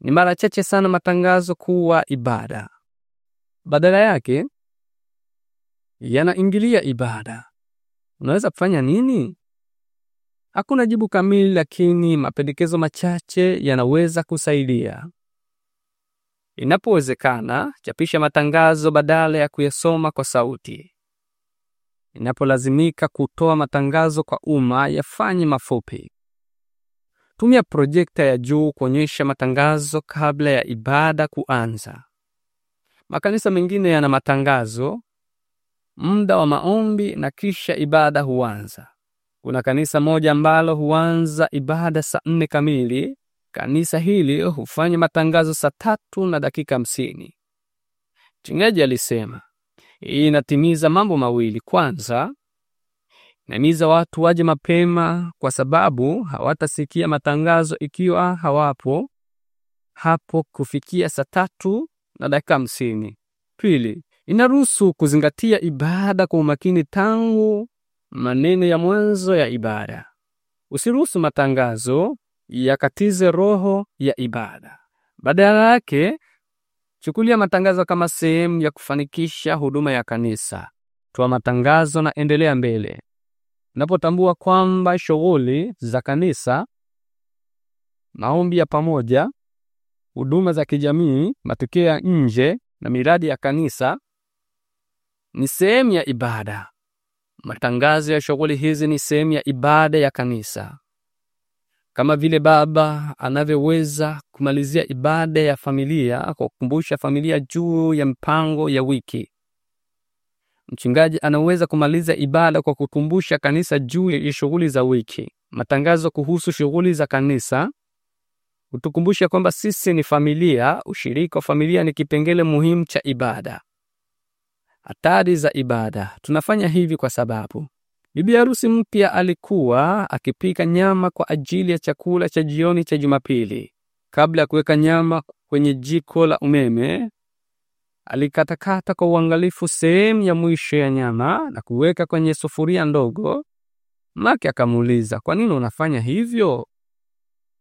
Ni mara chache sana matangazo kuwa ibada. Badala yake, yanaingilia ibada. Unaweza kufanya nini? Hakuna jibu kamili, lakini mapendekezo machache yanaweza kusaidia. Inapowezekana, chapisha matangazo badala ya kuyasoma kwa sauti. Inapolazimika kutoa matangazo kwa umma, yafanye mafupi. Tumia projekta ya juu kuonyesha matangazo kabla ya ibada kuanza. Makanisa mengine yana matangazo muda wa maombi na kisha ibada huanza. Kuna kanisa moja ambalo huanza ibada saa nne kamili. Kanisa hili hufanya matangazo saa tatu na dakika hamsini. Mchungaji alisema hii inatimiza mambo mawili. Kwanza, inamiza watu waje mapema, kwa sababu hawatasikia matangazo ikiwa hawapo hapo kufikia saa tatu na dakika hamsini. Pili, Inaruhusu kuzingatia ibada kwa umakini tangu maneno ya mwanzo ya ibada. Usiruhusu matangazo yakatize roho ya ibada. Badala yake, chukulia matangazo kama sehemu ya kufanikisha huduma ya kanisa. Toa matangazo na endelea mbele. Unapotambua kwamba shughuli za kanisa, maombi ya pamoja, huduma za kijamii, matukio ya nje na miradi ya kanisa ni sehemu ya ibada. Matangazo ya shughuli hizi ni sehemu ya ibada ya kanisa. Kama vile baba anavyoweza kumalizia ibada ya familia kwa kukumbusha familia juu ya mpango ya wiki, mchungaji anaweza kumaliza ibada kwa kukumbusha kanisa juu ya shughuli za wiki. Matangazo kuhusu shughuli za kanisa hutukumbusha kwamba sisi ni familia. Ushirika wa familia ni kipengele muhimu cha ibada. Hatari za ibada. Tunafanya hivi kwa sababu bibi harusi mpya alikuwa akipika nyama kwa ajili ya chakula cha jioni cha Jumapili. Kabla ya kuweka nyama kwenye jiko la umeme, alikatakata kwa uangalifu sehemu ya mwisho ya nyama na kuweka kwenye sufuria ndogo. Mke akamuuliza, kwa nini unafanya hivyo?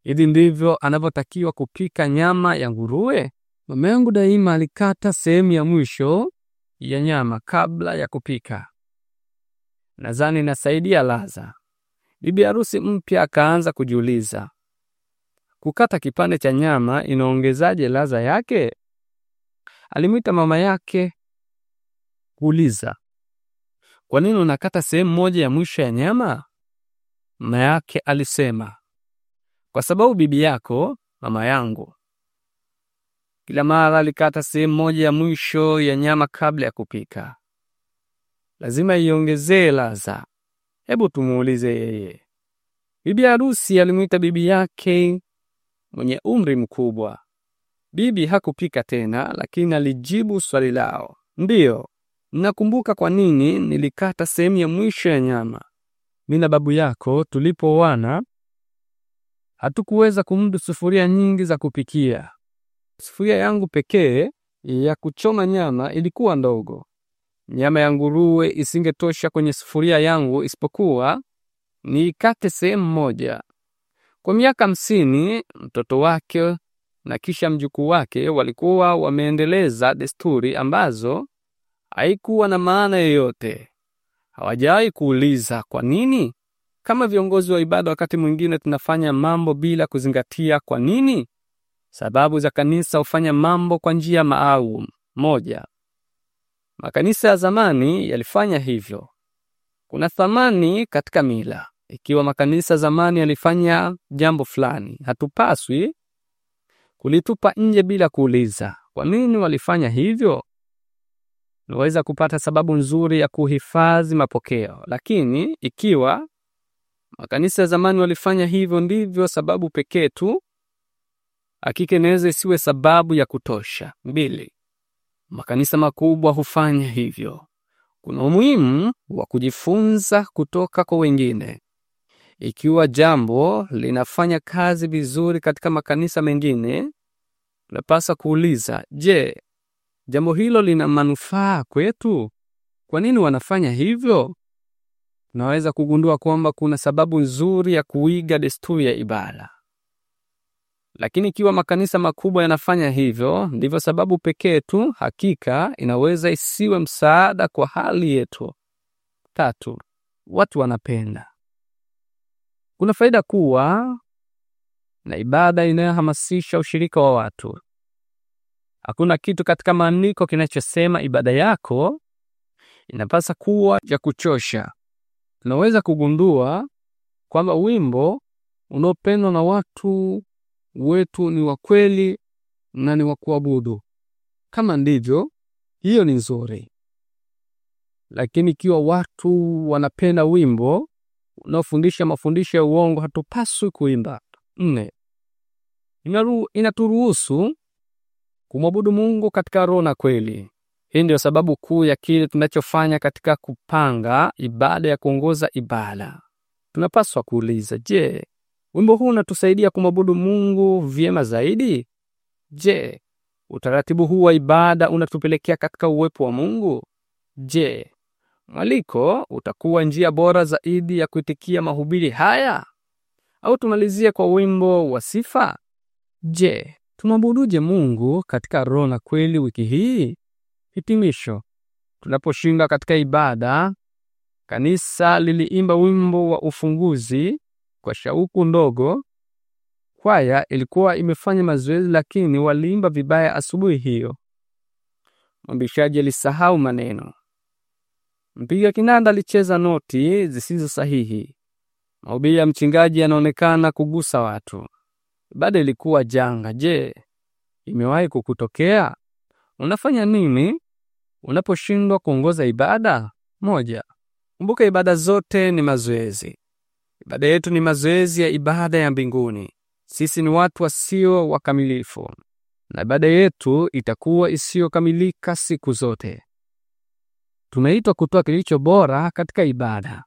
Hivi ndivyo anavyotakiwa kupika nyama ya nguruwe? Mama yangu daima alikata sehemu ya mwisho ya nyama kabla ya kupika. Nadhani inasaidia ladha. Bibi harusi mpya akaanza kujiuliza, kukata kipande cha nyama inaongezaje ladha yake? Alimwita mama yake kuuliza, kwa nini unakata sehemu moja ya mwisho ya nyama? Mama yake alisema, kwa sababu bibi yako, mama yangu, kila mara likata sehemu moja ya mwisho ya nyama kabla ya kupika. Lazima iongezee ladha. Hebu tumuulize yeye. Bibi harusi alimwita bibi yake mwenye umri mkubwa. Bibi hakupika tena, lakini alijibu swali lao. Ndiyo, nakumbuka kwa nini nilikata sehemu ya mwisho ya nyama. Mimi na babu yako tulipooana hatukuweza kumdu sufuria nyingi za kupikia. Sufuria yangu pekee ya kuchoma nyama ilikuwa ndogo. Nyama ya nguruwe isingetosha kwenye sufuria yangu, isipokuwa niikate sehemu moja. Kwa miaka hamsini, mtoto wake na kisha mjukuu wake walikuwa wameendeleza desturi ambazo haikuwa na maana yoyote. Hawajawahi kuuliza kwa nini. Kama viongozi wa ibada, wakati mwingine tunafanya mambo bila kuzingatia kwa nini. Sababu za kanisa hufanya mambo kwa njia maalum. Moja, makanisa ya zamani yalifanya hivyo. Kuna thamani katika mila. Ikiwa makanisa zamani yalifanya jambo fulani, hatupaswi kulitupa nje bila kuuliza kwa nini walifanya hivyo. Unaweza kupata sababu nzuri ya kuhifadhi mapokeo, lakini ikiwa makanisa ya zamani walifanya hivyo ndivyo sababu pekee tu Hakika inaweza isiwe sababu ya kutosha. Mbili, makanisa makubwa hufanya hivyo. Kuna umuhimu wa kujifunza kutoka kwa wengine. Ikiwa jambo linafanya kazi vizuri katika makanisa mengine, tunapaswa kuuliza, je, jambo hilo lina manufaa kwetu? Kwa nini wanafanya hivyo? Tunaweza kugundua kwamba kuna sababu nzuri ya kuiga desturi ya ibada. Lakini ikiwa makanisa makubwa yanafanya hivyo, ndivyo sababu pekee tu, hakika inaweza isiwe msaada kwa hali yetu. Tatu, watu wanapenda. Kuna faida kuwa na ibada inayohamasisha ushirika wa watu. Hakuna kitu katika maandiko kinachosema ibada yako inapasa kuwa ya kuchosha. Unaweza kugundua kwamba wimbo unaopendwa na watu wetu ni wa kweli na ni wa kuabudu. Kama ndivyo, hiyo ni nzuri, lakini ikiwa watu wanapenda wimbo unaofundisha mafundisho ya uongo, hatupaswi kuimba. Nne, inaturuhusu kumwabudu Mungu katika roho na kweli. Hii ndio sababu kuu ya kile tunachofanya katika kupanga ibada ya kuongoza ibada. Tunapaswa kuuliza, je, Wimbo huu unatusaidia kumwabudu Mungu vyema zaidi. Je, utaratibu huu wa ibada unatupelekea katika uwepo wa Mungu? Je, mwaliko utakuwa njia bora zaidi ya kuitikia mahubiri haya? Au tumalizie kwa wimbo wa sifa? Je, tumwabuduje Mungu katika roho na kweli wiki hii? Hitimisho. Tunaposhinga katika ibada, kanisa liliimba wimbo wa ufunguzi kwa shauku ndogo, kwaya ilikuwa imefanya mazoezi, lakini waliimba vibaya asubuhi hiyo. Mwambishaji alisahau maneno. Mpiga kinanda alicheza noti zisizo sahihi. Mahubiri ya mchungaji yanaonekana kugusa watu. Ibada ilikuwa janga. Je, imewahi kukutokea? Unafanya nini unaposhindwa kuongoza ibada? Moja, kumbuka ibada zote ni mazoezi. Ibada yetu ni mazoezi ya ibada ya mbinguni. Sisi ni watu wasio wakamilifu, na ibada yetu itakuwa isiyokamilika siku zote. Tunaitwa kutoa kilicho bora katika ibada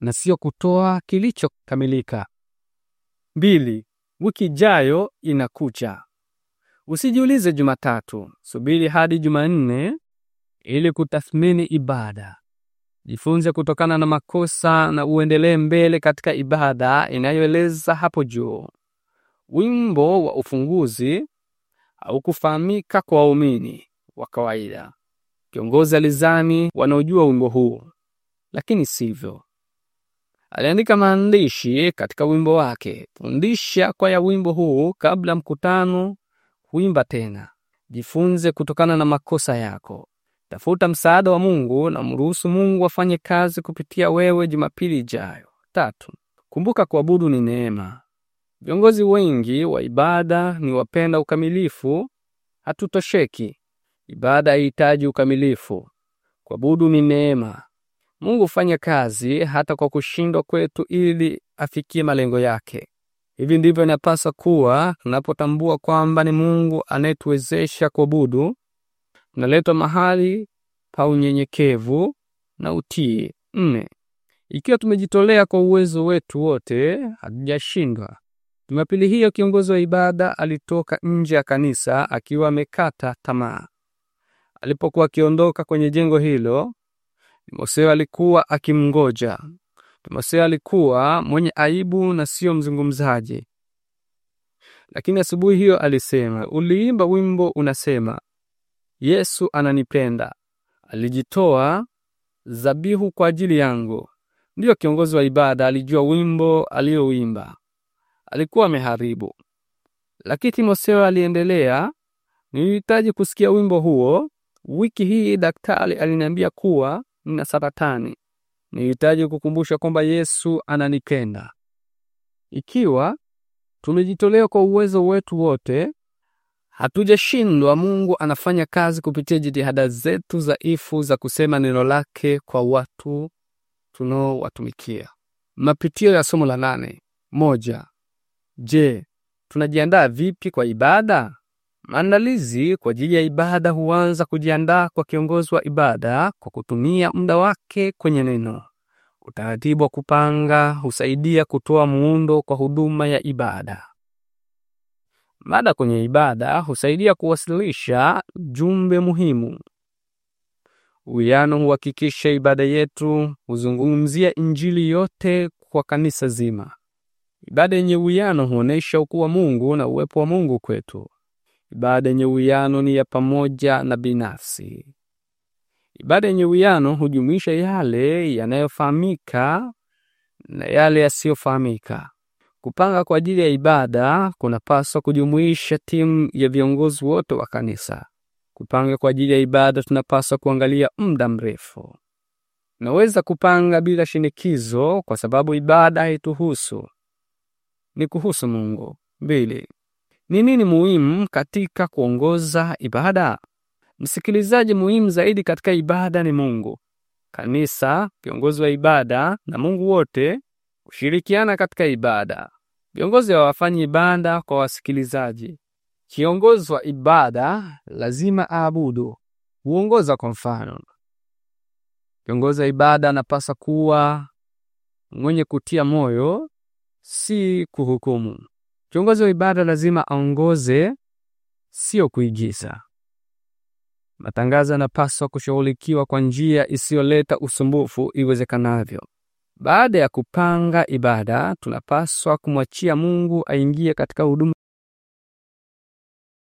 na sio kutoa kilichokamilika. Mbili, wiki ijayo inakucha. Usijiulize Jumatatu, subiri hadi Jumanne ili kutathmini ibada. Jifunze kutokana na makosa na uendelee mbele katika ibada inayoeleza hapo juu. Wimbo wa ufunguzi haukufahamika kwa waumini wa kawaida. Kiongozi alizani wanaojua wimbo huu, lakini sivyo. Aliandika maandishi katika wimbo wake: fundisha kwa ya wimbo huu kabla mkutano kuimba tena. Jifunze kutokana na makosa yako. Tafuta msaada wa Mungu na mruhusu Mungu afanye kazi kupitia wewe Jumapili ijayo. Tatu, kumbuka kuabudu ni neema. Viongozi wengi wa ibada ni wapenda ukamilifu. Hatutosheki. Ibada haihitaji ukamilifu. Kuabudu ni neema. Mungu hufanya kazi hata kwa kushindwa kwetu ili afikie malengo yake. Hivi ndivyo inapaswa kuwa tunapotambua kwamba ni Mungu anayetuwezesha kuabudu unaletwa mahali pa unyenyekevu na utii. Nne, ikiwa tumejitolea kwa uwezo wetu wote, hatujashindwa. Jumapili hiyo kiongozi wa ibada alitoka nje ya kanisa akiwa amekata tamaa. Alipokuwa akiondoka kwenye jengo hilo, Timotheo alikuwa akimngoja. Timotheo alikuwa mwenye aibu na sio mzungumzaji, lakini asubuhi hiyo alisema, uliimba wimbo unasema Yesu ananipenda, alijitoa zabihu kwa ajili yangu. Ndiyo kiongozi wa ibada, alijua wimbo aliyoimba alikuwa ameharibu, lakini Timotheo aliendelea, nilihitaji kusikia wimbo huo. Wiki hii daktari aliniambia kuwa nina saratani. Nilihitaji kukumbusha kwamba Yesu ananipenda. Ikiwa tumejitolea kwa uwezo wetu wote, Hatujashindwa. Mungu anafanya kazi kupitia jitihada zetu dhaifu za kusema neno lake kwa watu tunaowatumikia. Mapitio ya somo la nane. Moja. Je, tunajiandaa vipi kwa ibada? Maandalizi kwa ajili ya ibada huanza kujiandaa kwa kiongozi wa ibada kwa kutumia muda wake kwenye neno. Utaratibu wa kupanga husaidia kutoa muundo kwa huduma ya ibada. Mada kwenye ibada husaidia kuwasilisha jumbe muhimu. Uwiano huhakikisha ibada yetu huzungumzia Injili yote kwa kanisa zima. Ibada yenye uwiano huonesha ukuu wa Mungu na uwepo wa Mungu kwetu. Ibada yenye uwiano ni ya pamoja na binafsi. Ibada yenye uwiano hujumuisha yale yanayofahamika na yale yasiyofahamika. Kupanga kwa ajili ya ibada kunapaswa kujumuisha timu ya viongozi wote wa kanisa. Kupanga kwa ajili ya ibada, tunapaswa kuangalia muda mrefu. Naweza kupanga bila shinikizo, kwa sababu ibada haituhusu, ni kuhusu Mungu. Mbili, ni nini muhimu katika kuongoza ibada? Msikilizaji muhimu zaidi katika ibada ni Mungu. Kanisa, viongozi wa ibada na Mungu wote kushirikiana katika ibada. Viongozi hawafanyi ibada kwa wasikilizaji. Kiongozi wa ibada lazima aabudu, huongoza kwa mfano. Kiongozi wa ibada anapasa kuwa mwenye kutia moyo, si kuhukumu. Kiongozi wa ibada lazima aongoze, sio kuigiza. Matangazo yanapaswa kushughulikiwa kwa njia isiyoleta usumbufu iwezekanavyo. Baada ya kupanga ibada, tunapaswa kumwachia Mungu aingie katika huduma